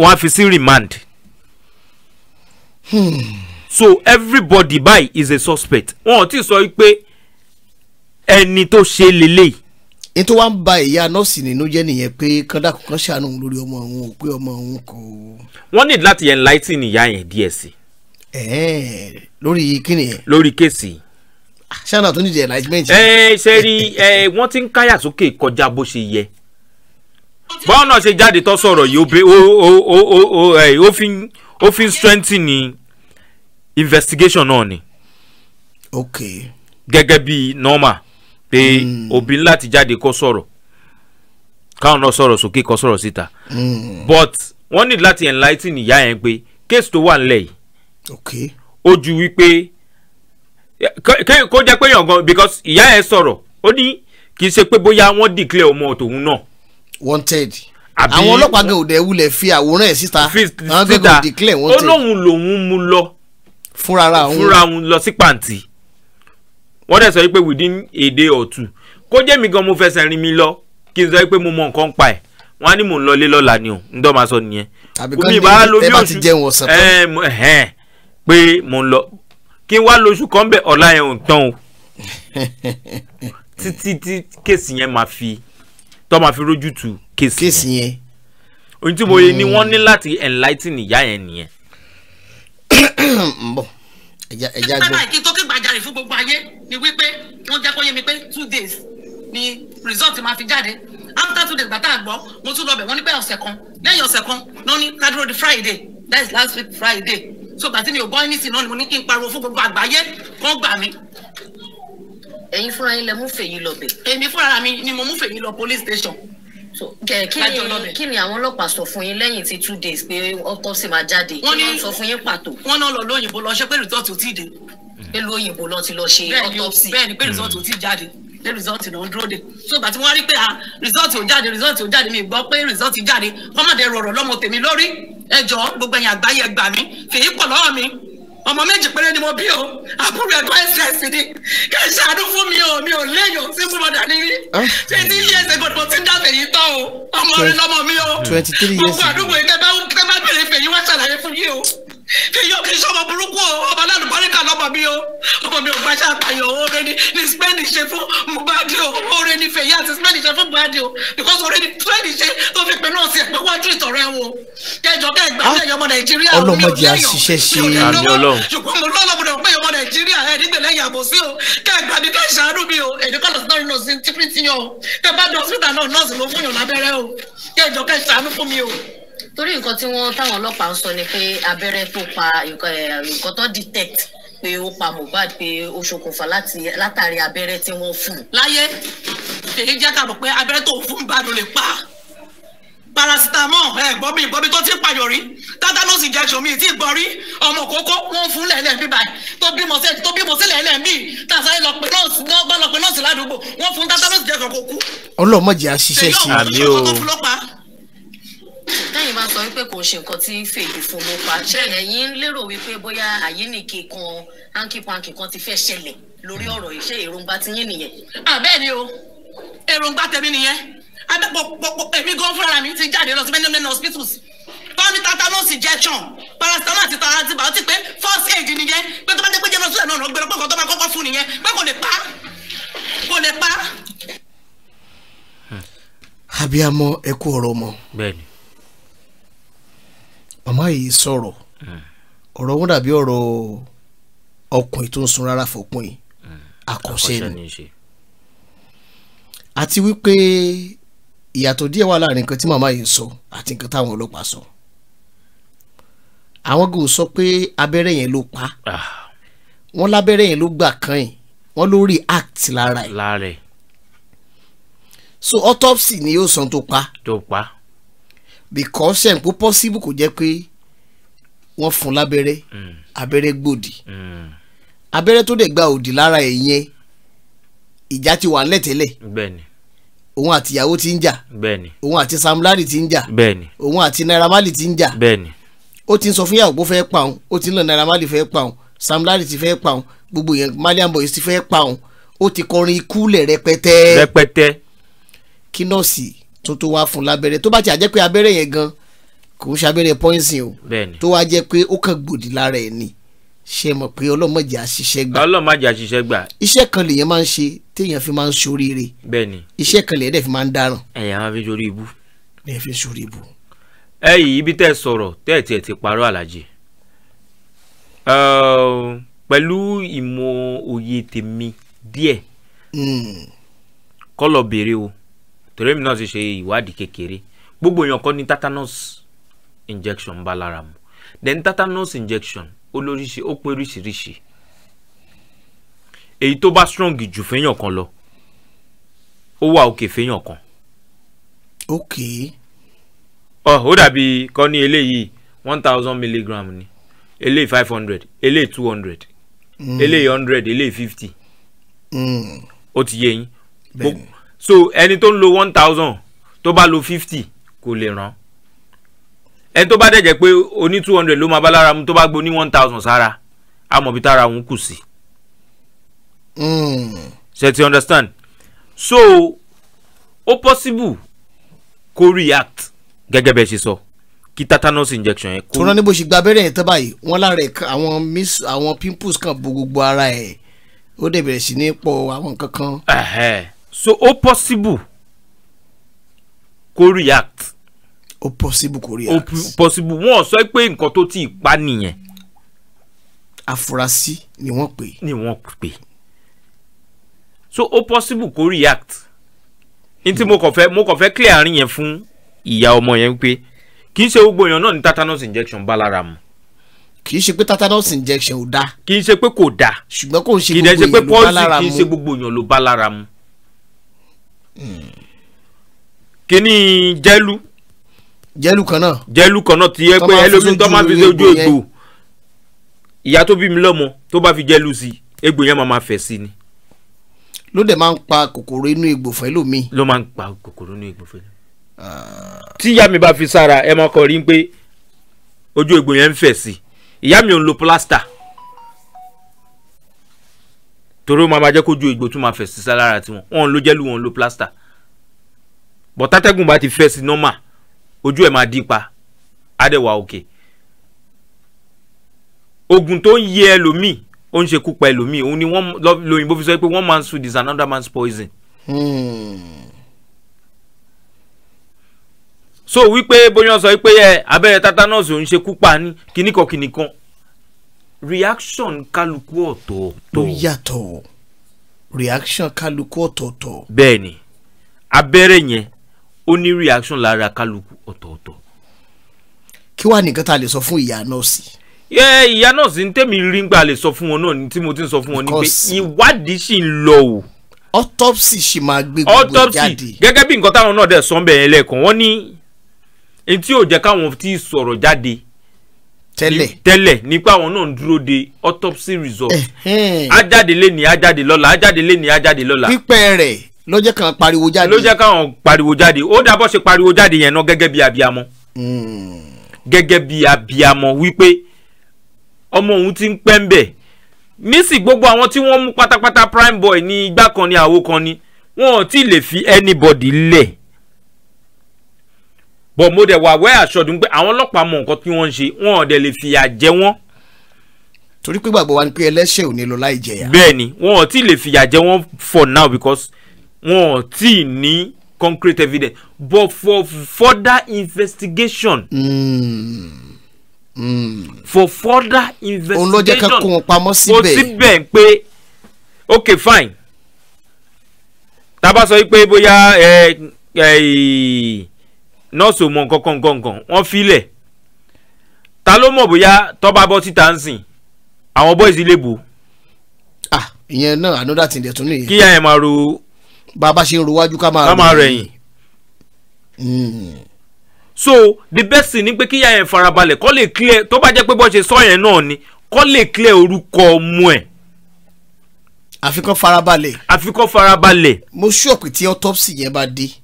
wọ́n á fi sí remand. so everybody by is a suspect wọn ò tí ì sọ pé ẹni tó ṣe lélẹ́yìí ní tó wá ń ba ìyá nọ́ọ̀sì nínú jẹ́ nìyẹn pé kọ́ńdà kankan ṣàánú lórí ọmọ òun ò pé ọmọ òun kò. wọ́n ní láti enlighten ìyá yẹn díẹ̀ sí. lórí kíni yẹn. lórí kéèsì ṣáná tó ní di enlightenment. ẹ ṣe rí ẹ wọ́n ti ń káyà sókè kọjá bó ṣe yẹ báwọn náà ṣe jáde tó sọ̀rọ̀ yìí ó fi ń strengthen investigation náà ni. ok. gẹ́gẹ́ bí normal pé hmm. òbí ńlá ti jáde kó sọ̀rọ̀ káwọn náà sọ̀rọ̀ sókè kó sọ̀rọ̀ síta hmm. but wọ́n ní láti enlighten ìyá yẹn pé case tó wà nílẹ̀ yìí. ok. ó ju wípé kó jẹ́ pé yàn gan because ìyá ẹ̀ sọ̀rọ̀ ó ní kì í ṣe pé bóyá wọ́n declare ọmọ tòun náà. wanted àwọn ọlọ́pàá gan òde wulẹ̀ fi àwòrán ẹ̀ síta àwọn gẹ́gẹ́ declare wanted. ó lóun lòun mú lọ fúnra òun fúnra òun lọ sí pàǹtí wọ́n dẹ̀ sọ pé within èdè ọ̀tún kó jẹ́ mi gan mo fẹsẹ̀ rin mi lọ kí n sọ pé mo mọ nǹkan pa ẹ̀ wọ́n á ní mò ń lọ lé lọ́la ni o ń dọ́ máa sọ nìyẹn. àbíkọ́ ní tẹ́ bá ti jẹun ọ̀sán tán. pé mo ń lọ kí n wá lóṣù kan bẹ ọ̀la yẹn ò ń tán o títí tí kéèsì yẹn máa fi tó máa fi rójú tu kéèsì yẹn ohun tí mo yẹ ni hmm. wọ́n ní láti enlighten ìyá yẹn nìyẹn. bọ ẹja ẹja gbọ. kí n kí gbàjarè fún gbogbo ayé ni wípé wọ́n jẹ́ kó yé mi pé two days ni result máa fi jáde after two days gbàtà àgbọ̀ mo tún lọ bẹ̀ wọ́n ní pé ọ̀sẹ̀ kan lẹ́yìn ọ̀sẹ̀ kan lọ ní kádúró di Friday that is last week Friday sọgbà tí mi ò gbọ́ anything náà ni mo ní kí n pariwo fún gbogbo àgbáyé kán gbà mí. ẹ̀yin fúnra yín lẹ mú fèyí lọ bẹ̀. èmi fúnra mi ni mo mú fèyí lọ police station. So, kẹ kí ni kí ni àwọn ọlọ́pàá sọ fún yín lẹ́yìn tí two days pé autopsy máa jáde kí wọ́n sọ fún yín pàtó. wọ́n náà lọ lóyìnbó lọ ṣe pé result ò tí ì dé. pẹ̀lú òyìnbó lọ ti lọ ṣe autopsy. bẹ́ẹ̀ni pé result ò tí ì jáde pé result náà ń dúró de so ìgbà tí wọ́n rí pé ah, result ò jáde result ò jáde mi gbọ́ pé result jáde wọ́n má dẹ̀ rọ̀rọ̀ lọ́mọ tèmi lórí ẹ gbogbo ẹ̀yin àgbáyé ẹ gbà mí fèyí pọ̀ mi ọmọ méjì péré ni mo bí o àbúrò ẹ̀kọ́ ẹ̀sẹ̀ ẹ̀sìn ni kí ẹ ṣàánú fún mi o mi ò léèyàn tí mo dà ní rí twenty years ago ni mo ń dá fèyí tán o ọmọ rẹ lọmọ mi o gbogbo àdúgbò yìí bá bèrè fèyí wá ṣàlàyé fún yìí o fìyọ kì í sọmọ burúkú o ọmọ lálùbáríkà lọmọ mi o ọmọ mi ò gba iṣẹ́ àpàyàn oore ni ni spain ṣe fún Mohbad o oore ni fèyí àti spain ṣe fún Mohbad o because oore ni spain ṣe tó fi pe náà sí ẹgbẹ́ wájú ìtọrẹ wọn kẹjọ bẹ́ẹ̀ gbà lẹ́yìn ọmọ nàìjíríà ah, mi ò lẹ́yìn mi ò ní lọ́wọ́ ṣùgbọ́n mo lọ́lọ́mọdé ọmọ ọmọ nàìjíríà ẹ̀ nígbè lẹ́yìn àbò sí o kẹgbà mi kẹ ṣàánú mi o èdè kọlọ sí náà nọ́ọ̀sì tí torí nǹkan tí wọ́n táwọn ọlọ́pàá ń sọ ni pé abẹ́rẹ́ tó pa eh, nǹkan tó detect pé ó pa Mohbad pé ó ṣokùnfà látàrí abẹ́rẹ́ tí wọ́n fún. láyé èyí jẹ́ ká mọ̀ pé abẹ́rẹ́ tó fún bá ló lè pa paracetamol ẹ gbọ́ mi gbọ́ mi tó ti pààyàn rí tatanus injection mi ti gbọ́ rí ọmọ kókó wọ́n fún lẹ́lẹ́ mi báyìí tó bímọ sí tó bímọ sí lẹ́lẹ́ mi tàṣà lọ pé nọ́ọ̀sì náà bá lọ pé nọ́ọ̀sì ládùúgbò wọ́n fún tatanus injection kò kú. ọlọmọdé a ṣiṣẹ́ sí i. àmì o tẹ́yìn bá sọ wípé kò ṣe nǹkan tí fèyí fún ló pa ṣẹlẹ̀ yín lérò wípé bóyá àyínnìke kan hankipanki kan ti fẹ́ ṣẹlẹ̀ lórí ọ̀rọ̀ yìí ṣé èròǹgbà ti yín nìyẹn. àbẹ́ẹ̀ ah, ni o èròǹgbà tèmi nìyẹn abẹ́pọ̀pọ̀pọ̀ ah, èmi gan fúnra mi ti jáde lọ sí many many hospitals tọ́ni tatanus injection paracetamol àti antibiotic pé first aid nìyẹn pé tó bá dé pé jẹ́nu sílẹ̀ náà lọ gbẹ̀rẹ̀ tó bá kọ́kọ́ fún nìyẹn pé kò lè pa kò lè pa. abiyamọ ẹ kú mọ. bẹ́ẹ̀ni màmá yìí sọ̀rọ̀ ọ̀rọ̀ wọn dàbí ọ̀rọ̀ ọkùnrin tó ń sun rárá fọkùnrin àkọsẹ́ ni àti wípé ìyàtọ̀ díẹ̀ wà láàrin nǹkan tí màmá yìí sọ àti nǹkan táwọn ọlọ́pàá sọ àwọn gò sọ pé abẹ́rẹ́ yẹn ló pa ah. wọ́n lábẹ́rẹ́ yẹn ló gbà kan yìí wọ́n ló react lára ẹ̀ so autopsy ni yóò san tó pa. tó pa because ẹ̀ ń pọ́ possible kò jẹ́ pé wọ́n fún lábẹ́rẹ́ mm. abẹ́rẹ́ gbòdì mm. abẹ́rẹ́ tó dẹ̀ gba òdì lára ẹ̀ yẹn ìjà ti wà ńlẹ̀ tẹ́lẹ̀ òun àti ìyàwó ti ń jà òun àti Sam Larry ti ń jà òun àti Naira Marley ti ń jà ó ti ń sọ fún ìyàwó pé fẹ́ pa òun ó ti ń lọ Naira Marley fẹ́ pa òun Sam ti fẹ́ pa òun gbogbo yẹn Malian Boys ti fẹ́ pa òun ó ti kọrin ikú lẹ̀ rẹpẹtẹ. kí nọ́ọ̀sì tó tó wá fún lábẹ́rẹ́ tó bá ti àjẹ́ pé abẹ́rẹ́ yẹn gan kò ń ṣàbẹ́rẹ́ pọ́ìnsìn o tó wá jẹ́ pé ó kàn gbòdì lára ẹ̀ ni ṣe mọ̀ pé ọlọ́mọdé àṣìṣe gbà ọlọ́mọdé àṣìṣe gbà iṣẹ́ kan lèyàn máa ń ṣe téèyàn fi máa ń ṣoríire bẹ́ẹ̀ni iṣẹ́ kan lèyàn dẹ̀ fi máa ń dáràn. ẹ̀yà máa fi sórí ibú. lè fi sórí ibú. ẹ yìí ibi tẹ́ ẹ sọ̀rọ̀ tẹ́ ti parọ́ àlàjì pẹ̀lú ìmọ̀ òye tèmi díẹ̀ hmm. kọ́ lọ bèrè o torí mi náà ti ṣe ìwádìí kékeré gbogbo èèyàn kọ́ ni tetanus injection bá lára mu then tetanus injection ó lóríṣi ó pé oríṣiríṣi èyí tó bá strong jù fẹ́yàn kan lọ ó wà òkè fẹ́yàn kan. ok. ọ oh, ó dàbí kọ́ ní eléyìí one thousand milligram ni eléyìí five hundred eléyìí two hundred mm. eléyìí hundred eléyìí fifty mm. ó ti yé yín so ẹni tó ń lo one thousand tó bá lo fifty kò lè ràn ẹni tó bá dẹ̀ jẹ́ pé oní two hundred ló máa bá lára mu tó bá gbó ní one thousand sára àmọ́ bí tára òun kù sí. Hmm. ṣe ti understand so ó possible kó react gẹ́gẹ́ bẹ́ẹ̀ ṣe sọ kí tetanus injection yẹn kó. tó rán ní bó ṣe gba abẹ́rẹ́ yẹn tán báyìí wọ́n lára àwọn miss àwọn pimples kan bo gbogbo ara ẹ̀ ó dẹ̀ bẹ̀rẹ̀ sí ní pọ̀ àwọn nǹkan so o possible kó react. O possible kó react. O possible wọ́n sọ pé nǹkan tó ti pa nìyẹn. afurasí ni wọ́n pè. ni wọ́n pè. so o possible kó react. n tí mo kàn fẹ́ mo kàn fẹ́ clear àárín yẹn fún ìyá ọmọ yẹn pé kì í ṣe gbogbo èèyàn náà ní tatanus injection bá lára mu kì í ṣe pé tatanus injection ò dáa. kì í ṣe pé kò dáa. ṣùgbọ́n kò ń ṣe gbogbo èèyàn ló bá lára mu. kì í ṣe pé pọ́ọ̀sì kì í ṣe gbogbo èèyàn ló bá lára mu kíní jẹ́lú. jẹ́lú kan náà. jẹ́lú kan náà ti yẹ pé ẹlòmíín tó máa fi ṣe ojú egbò ìyá tó bí mi lọ́mọ tó bá fi jẹ́lú sí egbò yẹn máa ma fẹ̀ sí ni. ló dẹ̀ máa ń pa kòkòrò inú egbò fẹ́ lómi. ló máa ń pa kòkòrò inú egbò fẹ́ lómi. tí ìyá mi bá fi sára ẹ máa kọ rí pé ojú egbò yẹn ń fẹ̀ sí ìyá mi ò ń lo plaster torí ó máa máa jẹ́ kójú ìgbò tún máa fẹ̀ sí lára tiwọn wọn ló jẹ́lu wọn ló plaster bọ̀ tátẹ́gùn bá ti fẹ́ sí nọ́mà ojú ẹ̀ máa dí pa ádẹ́wà òkè ogun tó ń yẹ ẹlòmíì ó ń ṣekú pa ẹlòmíì òun ni wọ́n lóyìnbó fi sọ pé one man's food is another man's poison. Hmm. so wípé bóyá sọ wípé ẹ abẹ́rẹ́ tatanus ò ń ṣekú pa ní kíníkan kíníkan reaction kálukú ọ̀tọ̀ọ̀tọ̀. ló yàtọ̀ reaction kálukú ọ̀tọ̀ọ̀tọ̀. bẹ́ẹ̀ni abẹ́rẹ́ yẹn ó ní reaction lára kálukú ọ̀tọ̀ọ̀tọ̀. kí wàá nìkan tá a lè sọ fún ìyá nọ́ọ̀sì. yẹ ìyá nọ́ọ̀sì ní tẹ́mi rí ń gbà lè sọ fún wọn náà tí mo ti ń sọ fún wọn ni pé ìwádìí sì ń lọ o. autopsy sì máa gbé gbogbo e jáde. autopsy gẹ́gẹ́ bí nǹkan táwọn náà dẹ̀ sọ ń bẹ̀rẹ̀ lẹ́ẹ̀kan wọ́n ní tẹ́lẹ̀ tẹ́lẹ̀ nípa àwọn náà ń dúró de autopsy result ajáde lẹ́ni ajáde lọ́la ajáde lẹ́ni ajáde lọ́la. pípẹ́ rẹ̀ ló jẹ́ kàn pariwo jáde. ló jẹ́ kàn pariwo jáde ó dàbọ̀ ṣe pariwo jáde yẹn náà gẹ́gẹ́ bí abiyamọ. Hmm. gẹ́gẹ́ bí abiyamọ wípé ọmọ òun ti ń pẹ́ ń bẹ̀ nísì gbogbo àwọn tí wọ́n mú pátápátá prime boy ní igbá kan ní àwo kan ni wọn ò tí ì lè fi anybody lẹ̀ but mo dẹ̀ wà wẹ́ àṣọdún pé àwọn ọlọ́pàá mọ nǹkan tí wọ́n ń ṣe wọn ò dẹ̀ lè fìyà jẹ wọ́n. torí pé gbàgbọ́ wa ni pé ẹlẹ́ṣẹ̀ ò ní lọ láì jẹyà. bẹ́ẹ̀ni wọn ò tí ì lè fìyà jẹ wọ́n for now because wọn ò tí ì ní concrete evidence but for further investigation. Hmm. Hmm. for further investigation. òun ló jẹ́ ká kó wọn pamọ́ síbẹ̀. kó síbẹ̀ pé ok fine tá a bá sọ wípé bóyá ẹ eh, ẹ. Eh, nọ́ọ̀sì ò mọ nǹkan kan nǹkan kan wọ́n filẹ̀ ta ló mọ̀ bóyá tọ́ba bọ́ síta ń sìn àwọn boys ilé bò. ah ìyẹn náà another thing dẹ̀ tún nìyẹn. kíyà yẹn máa ro. bàbá ṣe ń ro wájú ká máa ro. ká máa rẹ̀yìn. Hmm. so the best thing ni pé kíyà yẹn farabalẹ̀ kó lè clear tó bá jẹ́ pé bó ṣe sọ yẹn náà ni kó lè clear orúkọ ọmọ ẹ̀ àfikún farabalẹ̀. àfikún farabalẹ̀. mo ṣọ́ọ̀pù tí autopsy yẹn bá dé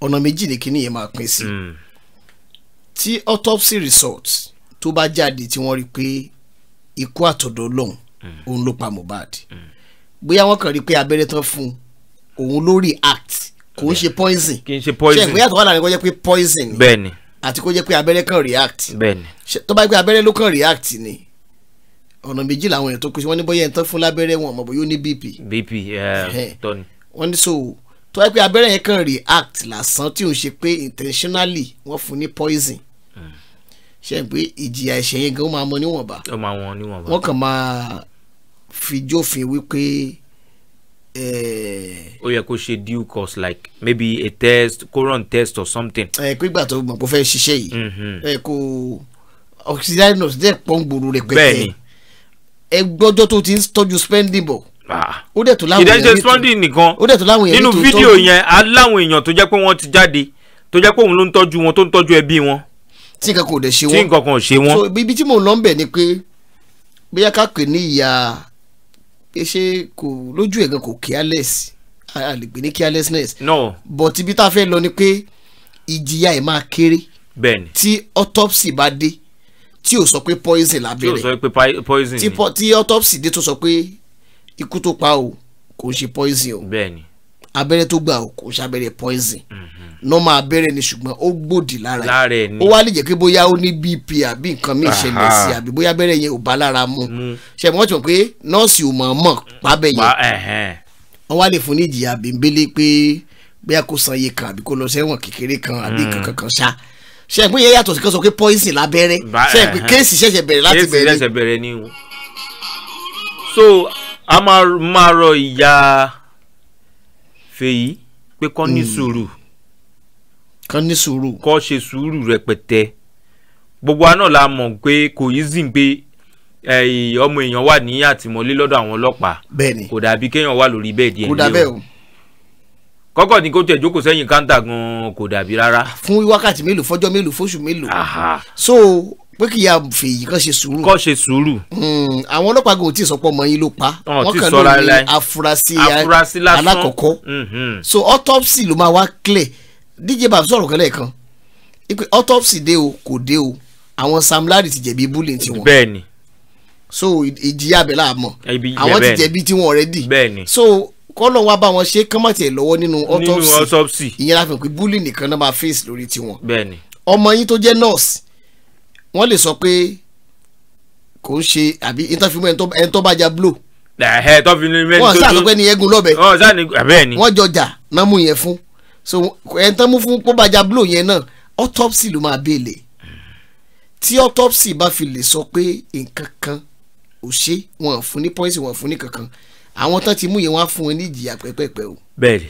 ọ̀nà méjì ni kíní yẹn máa pín sí hmm. tí autopsy result tó bá jáde tí wọ́n rí pé ikú àtọ̀dọ̀ Ọlọ́run hmm. òun ló pa Mohbad hmm. bóyá wọ́n kàn rí pé abẹ́rẹ́ tán fún òun ló react kò ń ṣe poison kì í ṣe poison ṣe ìpínyàtọ̀ wà láàrin kó jẹ́ pé poison ni bẹ́ẹ̀ni àti kó jẹ́ pé abẹ́rẹ́ kan react bẹ́ẹ̀ni tó bá jẹ́ pé abẹ́rẹ́ ló kàn react ni ọ̀nà méjì làwọn èèyàn tó kù sí wọ́n ní bóyá ẹ̀ńtán fún lábẹ́rẹ́ wọn ọmọ bóyá ó ní BP BP eh, tọ́ni wọ́n ní so tó yẹ pé abẹ́rẹ́ yẹn kàn react lásán tí ò ń ṣe pé intentionally wọ́n fún ní poison hmm. ṣe pé ìjìyà ẹ̀ṣẹ̀ yẹn gan ó máa mọ níwọ̀nba ó máa wọn níwọ̀nba wọ́n kàn máa fi jófin wípé ó yẹ kó ṣe due course like maybe a test coron test or something. ẹ pé ìgbà tó mọ̀ kó fẹ́ ṣiṣẹ́ yìí mm-hmm. ẹ kó oxygenus dẹ̀ pọ́ngbòrò rẹ̀ pẹ̀tẹ́ ẹ gbọ́jọ́ tó ti ń tọ́jú spending bọ̀ Ah. ó dẹ̀ tó láwọn èèyàn ìdẹ́sẹ̀ sunday nìkan ó dẹ̀ tó láwọn èèyàn nínú fídíò yẹn aláwọn èèyàn tó jẹ́ pé wọ́n ti jáde tó jẹ́ pé òun ló ń tọ́jú wọn tó ń tọ́jú ẹbí wọn. tí nǹkan kò dẹ̀ ṣe wọ́n tí nǹkan kan ò ṣe wọ́n. so ibi tí mò ń lọ ń bẹ̀ ni pé bóyá ká pè ní ìyá ṣe kò lójú ẹ̀ gan kò careless a lè pè ní carelessness. no but ibi tá a fẹ́ lọ ni pé ìjìyà ẹ̀ máa kéré. bẹ́ẹ̀ni tí autopsy bá dé tí ò sọ pé poison lábẹ́rẹ́ tí ò sọ pé poison ni tí autopsy dé tó sọ pé ikú tó pa o kò ń ṣe poison o bẹ́ẹ̀ni abẹ́rẹ́ tó gbà o kò ń ṣe abẹ́rẹ́ poison mhm. normal abẹ́rẹ́ ni ṣùgbọ́n ó gbòdì lára ẹ̀ ó wá lè jẹ́ pé bóyá ó ní bp àbí nǹkan míì ṣẹlẹ̀ sí àbí bóyá abẹ́rẹ́ yẹn ò bá lára mu ṣe mọ́ tí mo pé nọ́ọ̀sì ò mọ̀ọ́mọ̀ pábẹ́ yẹn wọ́n wá lè fún ní ìjìyà bíbélé pé bóyá kó san iye kan àbí kó lọ sẹ́wọ̀n kékeré kan àbí kankan mm. kan ṣá ṣe pé yẹn yàtọ̀ sí kan sọ pé poison lábẹ́rẹ́ ṣe pé kéèsì ṣẹ̀ṣẹ̀ bẹ̀rẹ̀ láti bẹ̀rẹ̀ so a máa rọ ìyá Fèyí pé kán ní hmm. sùúrù kán ní sùúrù kó ṣe sùúrù rẹpẹtẹ gbogbo àná la mọ̀ pé kò yí zìn pé ọmọ èèyàn wà ní àtìmọ́lé lọ́dọ̀ àwọn ọlọ́pàá bẹ́ẹ̀ni kò dàbí kéèyàn wà lórí bẹ́ẹ̀dì ẹ̀ ní o kọ́kọ́ ni kó tẹ̀ jókòó sẹ́yìn káńtà gan-an kò dàbí rárá. fún wákàtí mélòó fọjọ́ mélòó fóṣù mélòó. so pé kí ìyá fèyí kàn ṣe sùúrù. kàn ṣe sùúrù. Hmm, àwọn ọlọ́pàá gan ò tí ì sọpọ̀ yín ló pa wọ́n kàn ló ní afurasí alákọ̀ọ́kọ́ mhm. so autopsy ló máa wá clear DJ Babs sọ̀rọ̀ kan lẹ́ẹ̀kan ipe autopsy dé o kò dé o àwọn Sam Larry ti jẹ̀bi bullying tiwọn. bẹ́ẹ̀ni. so ìjìyà bẹ̀ láàmú àwọn ti jẹ̀bi tiwọn already. bẹ́ẹ̀ni. so kọ́nà wa bá wọn ṣe kán má tiẹ̀ lọ́wọ́ nínú autopsy ìyẹn la fi hàn pé bullying nìkan náà máa face lórí tiwọn. bẹ́ẹ̀ni. ọmọ yín tó jẹ́ nurse wọ́n lè sọ pé kò ń ṣe àbí ìtọ́fimọ́ ẹni tó bá ja blow. ẹ̀hẹ́ tó fi ní mẹ́rin tó tó wọ́n sáà sọ pé ní ẹ̀gún lọ́bẹ̀ wọ́n ah, jọjà náà mú yẹn fún so ẹni tó mú fún kó bá ja blow yẹn náà autopsy ló máa béèlè tí autopsy bá fi lè sọ pé nǹkan kan ò ṣe wọn fún ní pọ́ìsì wọn fún ní kankan àwọn tán ti mú yẹn wá fún wọn ní ìjìyà pẹ́pẹ́pẹ́ o. bẹ́ẹ̀ni.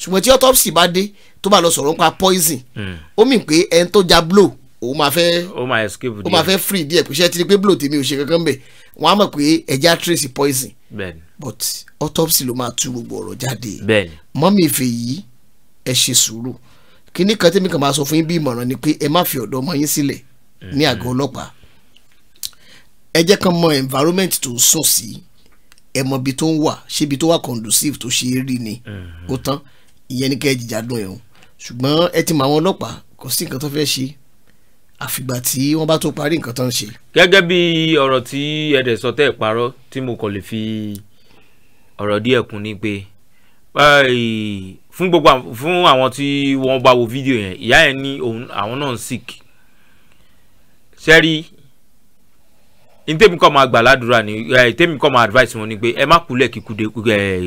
ṣùgbọ́n tí autopsy bá dé tó bá lọ sọ̀rọ̀ nípa poison hmm. ó mì pé ẹni tó ja blow òun máa fẹ́ ó máa escape díẹ̀ ó máa fẹ́ free díẹ̀ kò ṣe ti di pé blow tèmi ò ṣe kankan bẹ̀ wọ́n á mọ̀ pé ẹja trace poison bẹ́ẹ̀ni but autopsy ló máa tú gbogbo ọ̀rọ̀ jáde bẹ́ẹ̀ni mọ́mí ìfẹ́ yìí ẹ ṣe sùúrù kíní kan tèmi kan máa sọ fún yín bí ìmọ̀ràn ni pé ẹ má fi ọ̀dọ́ ọmọ yín sílẹ̀ ní àgọ́ mm-hmm. ọlọ́pàá ẹ jẹ́ kan mọ environment tó ń sùn sí ẹ mọ ibi tó ń wà ṣé ibi tó wà conducive tó ṣe é rí ni mm-hmm. ó tán ìyẹn ni kẹ́ ẹ jìjà dùn ẹ̀ o ṣùgbọ́n ẹ ti mọ àwọn ọlọ́pàá kò sí nǹkan tó fẹ́ ṣe àfìgbà tí wọ́n bá tó parí nǹkan tó ń ṣe. gẹ́gẹ́ bí ọ̀rọ̀ tí ẹ̀dẹ̀ sọ tẹ́ ẹ̀ parọ́ tí mo kàn lè fi ọ̀rọ̀ díẹ̀ kún ni pé fún gbogbo fún àwọn tí wọ́n bá wo fídíò yẹn ìyá yẹn ní àwọn náà ń sick sẹ́rí ní tèmi kọ́ máa gbà ládùúrà ni tèmi kọ́ máa advice wọn ni pé ẹ má kúlẹ̀ kíkúdé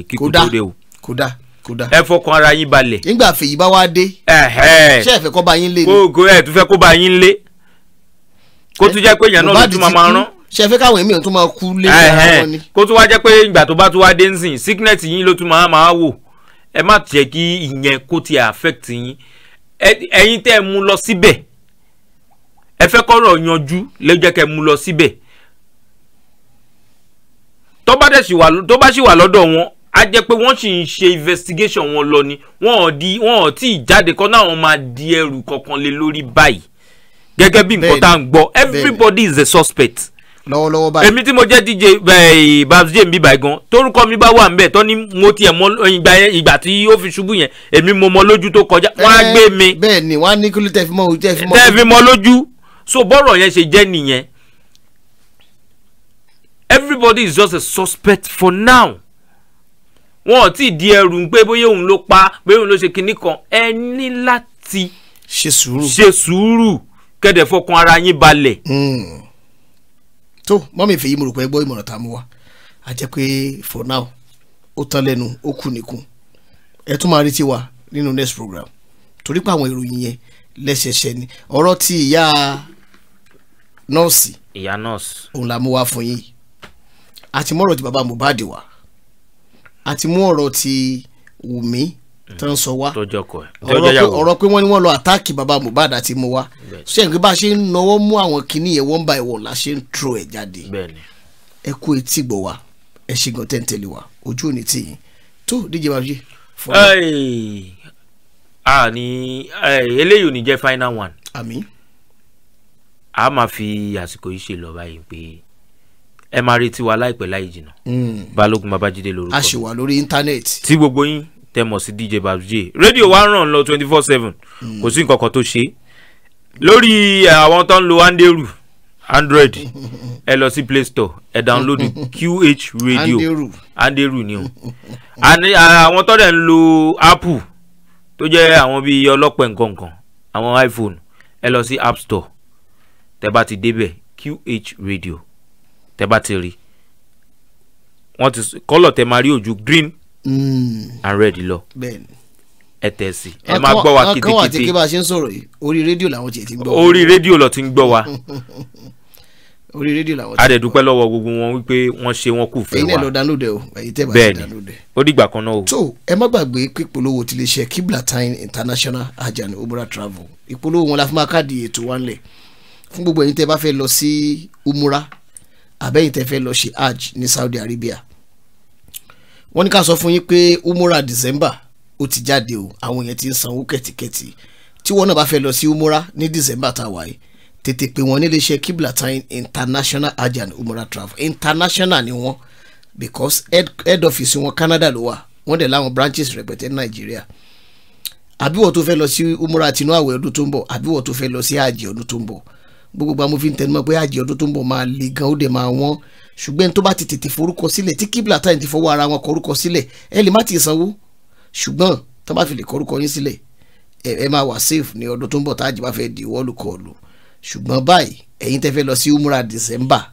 kíkúdé o. kódà kódà ẹ fọkàn ara yín balẹ̀. nígbà fèyí bá wá dé. ṣé ẹ fẹ́ kó bá yín lé ni. kó ẹ tún fẹ́ kó bá yín lé kó tún jẹ́ pé èèyàn náà ló tún máa máa rán. ṣe fẹ́ káwọn èmi ò tún máa kú lé ara wọn ni. kó tún wá jẹ́ pé ìgbà tó bá tún wá dé nsìn sickness yín ló tún máa máa wò ẹ má jẹ́ kí ìyẹn kó ti affect yín ẹ̀yin tẹ́ ẹ mú lọ síbẹ̀ ẹ fẹ́ kọ́rọ̀ yanjú ló jẹ́ kẹ́ ẹ mú lọ síbẹ̀ tó bá sì wà lọ́dọ̀ wọn á jẹ́ pé wọ́n sì ń ṣe investigation wọn lọ ni wọ́n ò tí ì jáde kọ́ náà wọ́n máa di ẹrù kankan lé lórí báyìí gẹ́gẹ́ bí nǹkan tá à ń gbọ́ everybody is a suspect. lọ́wọ́lọ́wọ́ báyìí. èmi tí mo jẹ́ DJ eh, babs jane bíbá igan torúkọ mi bá wà nbẹ̀ tó ní mo tiẹ̀ mọ eh, ìgbà ìgbà tí ó fi ṣubú yẹn èmi mo mọ lójú tó kọjá wọ́n á eh, gbé mi. bẹ́ẹ̀ ni wọ́n á ní kíló tẹ́ ojú tẹ́ fi lójú so bọ́rọ̀ yẹn ṣe jẹ́ nìyẹn everybody is just a suspect for now wọn ò tí ì di ẹrù pé bóyá òun ló pa bóyá òun ló ṣe kinní kan ẹ ní láti ṣe sùúrù kẹ́dẹ̀ fọkàn ara yín balẹ̀. tó hmm. mọ́mí ìfẹ̀yìí mo rò pé ẹ gbọ́ ìmọ̀ràn tá a mú wa a jẹ́ pé for now ó tán lẹ́nu ó kù nìkun ẹ tún máa retí wa nínú next program torí pé àwọn ìròyìn yẹn lẹ́sẹẹsẹ ni ọ̀rọ̀ ti ìyá nọ́ọ̀sì ìyá nọ́ọ̀sì òun la mú wá fún yín àti mú ọ̀rọ̀ ti bàbá Mohbad wá àti mú ọ̀rọ̀ ti Wùmí tí wọ́n sọ wá ọ̀rọ̀ pé wọ́n ní wọ́n lọ àtáàkì bàbá Mohbad àti mo ṣé ẹ̀ ń bá a ṣe ń nọwọ́ mú àwọn kinní yẹn wọ́n bá ìwọ̀ la ṣe ń tro ẹ̀ jáde ẹ kú etí gbọ̀ wá ẹ ṣe gan tẹ́ǹtẹ́lẹ̀ wá ojú òní tì yín tó díje bá yé. Eh, eléyìí ò ní jẹ́ final one. àmín. a máa fi àsìkò yìí ṣe lọ báyìí pé ẹ máa retí wa láìpẹ́ láì jìnnà hmm. Balógun Babájídé lórúkọ. a ṣì wà lórí íńtánẹ́ẹ̀tì. tí gbogbo yín tẹ́ mọ̀ sí dj babs j rédíò wa ràn lọ twenty four seven kò sí nǹkan kan tó ṣe lórí eh, àwọn tó ń lo andrew android ẹ lọ sí play store ẹ download qh radio andrew ni o eh, àwọn tó dẹ̀ ń lo apple tó jẹ́ àwọn bíi ọlọ́pẹ̀ nǹkan kan àwọn iphone ẹ lọ sí app store tẹ́ bá ti débẹ̀ qh radio tẹ́ bá ti rí wọ́n ti kọ́lọ̀ tẹ́ máa rí ojú green hundred mm. lọ ẹ tẹ̀ sí ẹ máa gbọ́ wa kitikiti. akọ́wà àti kí bá a ṣe orí rédíò wa. orí rédíò lọ ti ń gbọ́ wa. orí rédíò làwọn ti ń gbọ́ wa. a dẹ̀ dúpẹ́ lọ́wọ́ gbogbo wọn wípé wọ́n ṣe wọn kù fẹ́ wa. ẹ̀yin ó dìgbà kan náà o. tó ẹ má gbàgbé pípolówó ti lè ṣe kiblatine international ajani umrah travel ìpolówó wọn la fi máa káàdì ètò wa ńlẹ̀ fún gbogbo ẹ̀yin tẹ́ bá fẹ́ lọ sí umrah àbẹ́yìn tẹ́ fẹ́ lọ ṣe hajj ní Saudi Arabia wọ́n ní ká sọ fún yín pé umura december ó ti jáde o àwọn èèyàn ti ń sanwó kẹ̀tíkẹ̀tì tí wọ́n náà bá fẹ́ lọ sí umura ní december tá a wà yìí tètè pé wọ́n nílé iṣẹ́ kiblatain international hajj umura travel international ni wọ́n because head, head office wọn canada ló wà wọ́n dẹ̀ láwọn branches rẹpẹtẹ ní nàìjíríà àbí wọ́n tó fẹ́ lọ sí umura tinú àwẹ̀ ọdún tó ń bọ̀ àbí wọ́n tó fẹ́ lọ sí hajj ọdún tó ń bọ̀ gbogbo àwọn fi ń tẹnumọ́ pé àjẹ ọdún tó ń bọ̀ máa le gan ó dẹ̀ máa wọ́n ṣùgbọ́n tó bá ti tètè forúkọ sílẹ̀ tí kíbla táyì ti fọwọ́ ara wọn kọrúkọ sílẹ̀ ẹ lè má ti sanwó ṣùgbọ́n tó bá fi lè kọrúkọ yín sílẹ̀ ẹ máa wà safe ní ọdún tó ń bọ̀ táàjì bá fẹ́ di wọ́ọ̀lù kọlù ṣùgbọ́n báyìí ẹ̀yin tẹ́ fẹ́ lọ sí umra december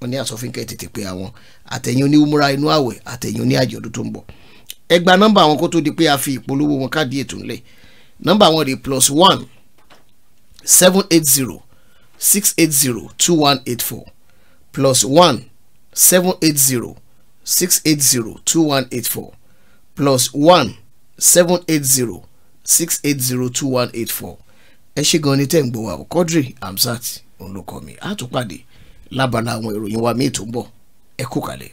wọn ní àsọfínkẹ́ tètè pé àwọn àtẹ̀yìn oní umura inú àwẹ̀ àtẹ̀yìn oní àjọ ọdún tó ń bọ̀ ẹ gba nọ́mbà àwọn kó tó di pé a fi ìpolówó wọn káàdì ètò ńlẹ̀ nọ́mbà wọn rè plus one seven eight zero six eight zero two one eight four plus one seven eight zero six eight zero two one eight four plus one seven eight zero six eight zero two one eight four ẹ ṣe gan ni tẹ́ wa Quadri Hamzat òun ló kọ́ mi àtúpàdé lábala àwọn ìròyìn wa míì tó ń bọ̀ ẹ kú kalẹ̀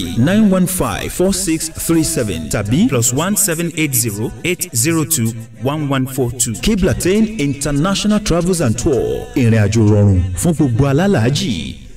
three nine one five four six three seven Tabi plus one seven eight zero eight zero two one one four two. Kiblatain International Travels and Tour ìrìn àjò rọrùn fún gbogbo alálàájì.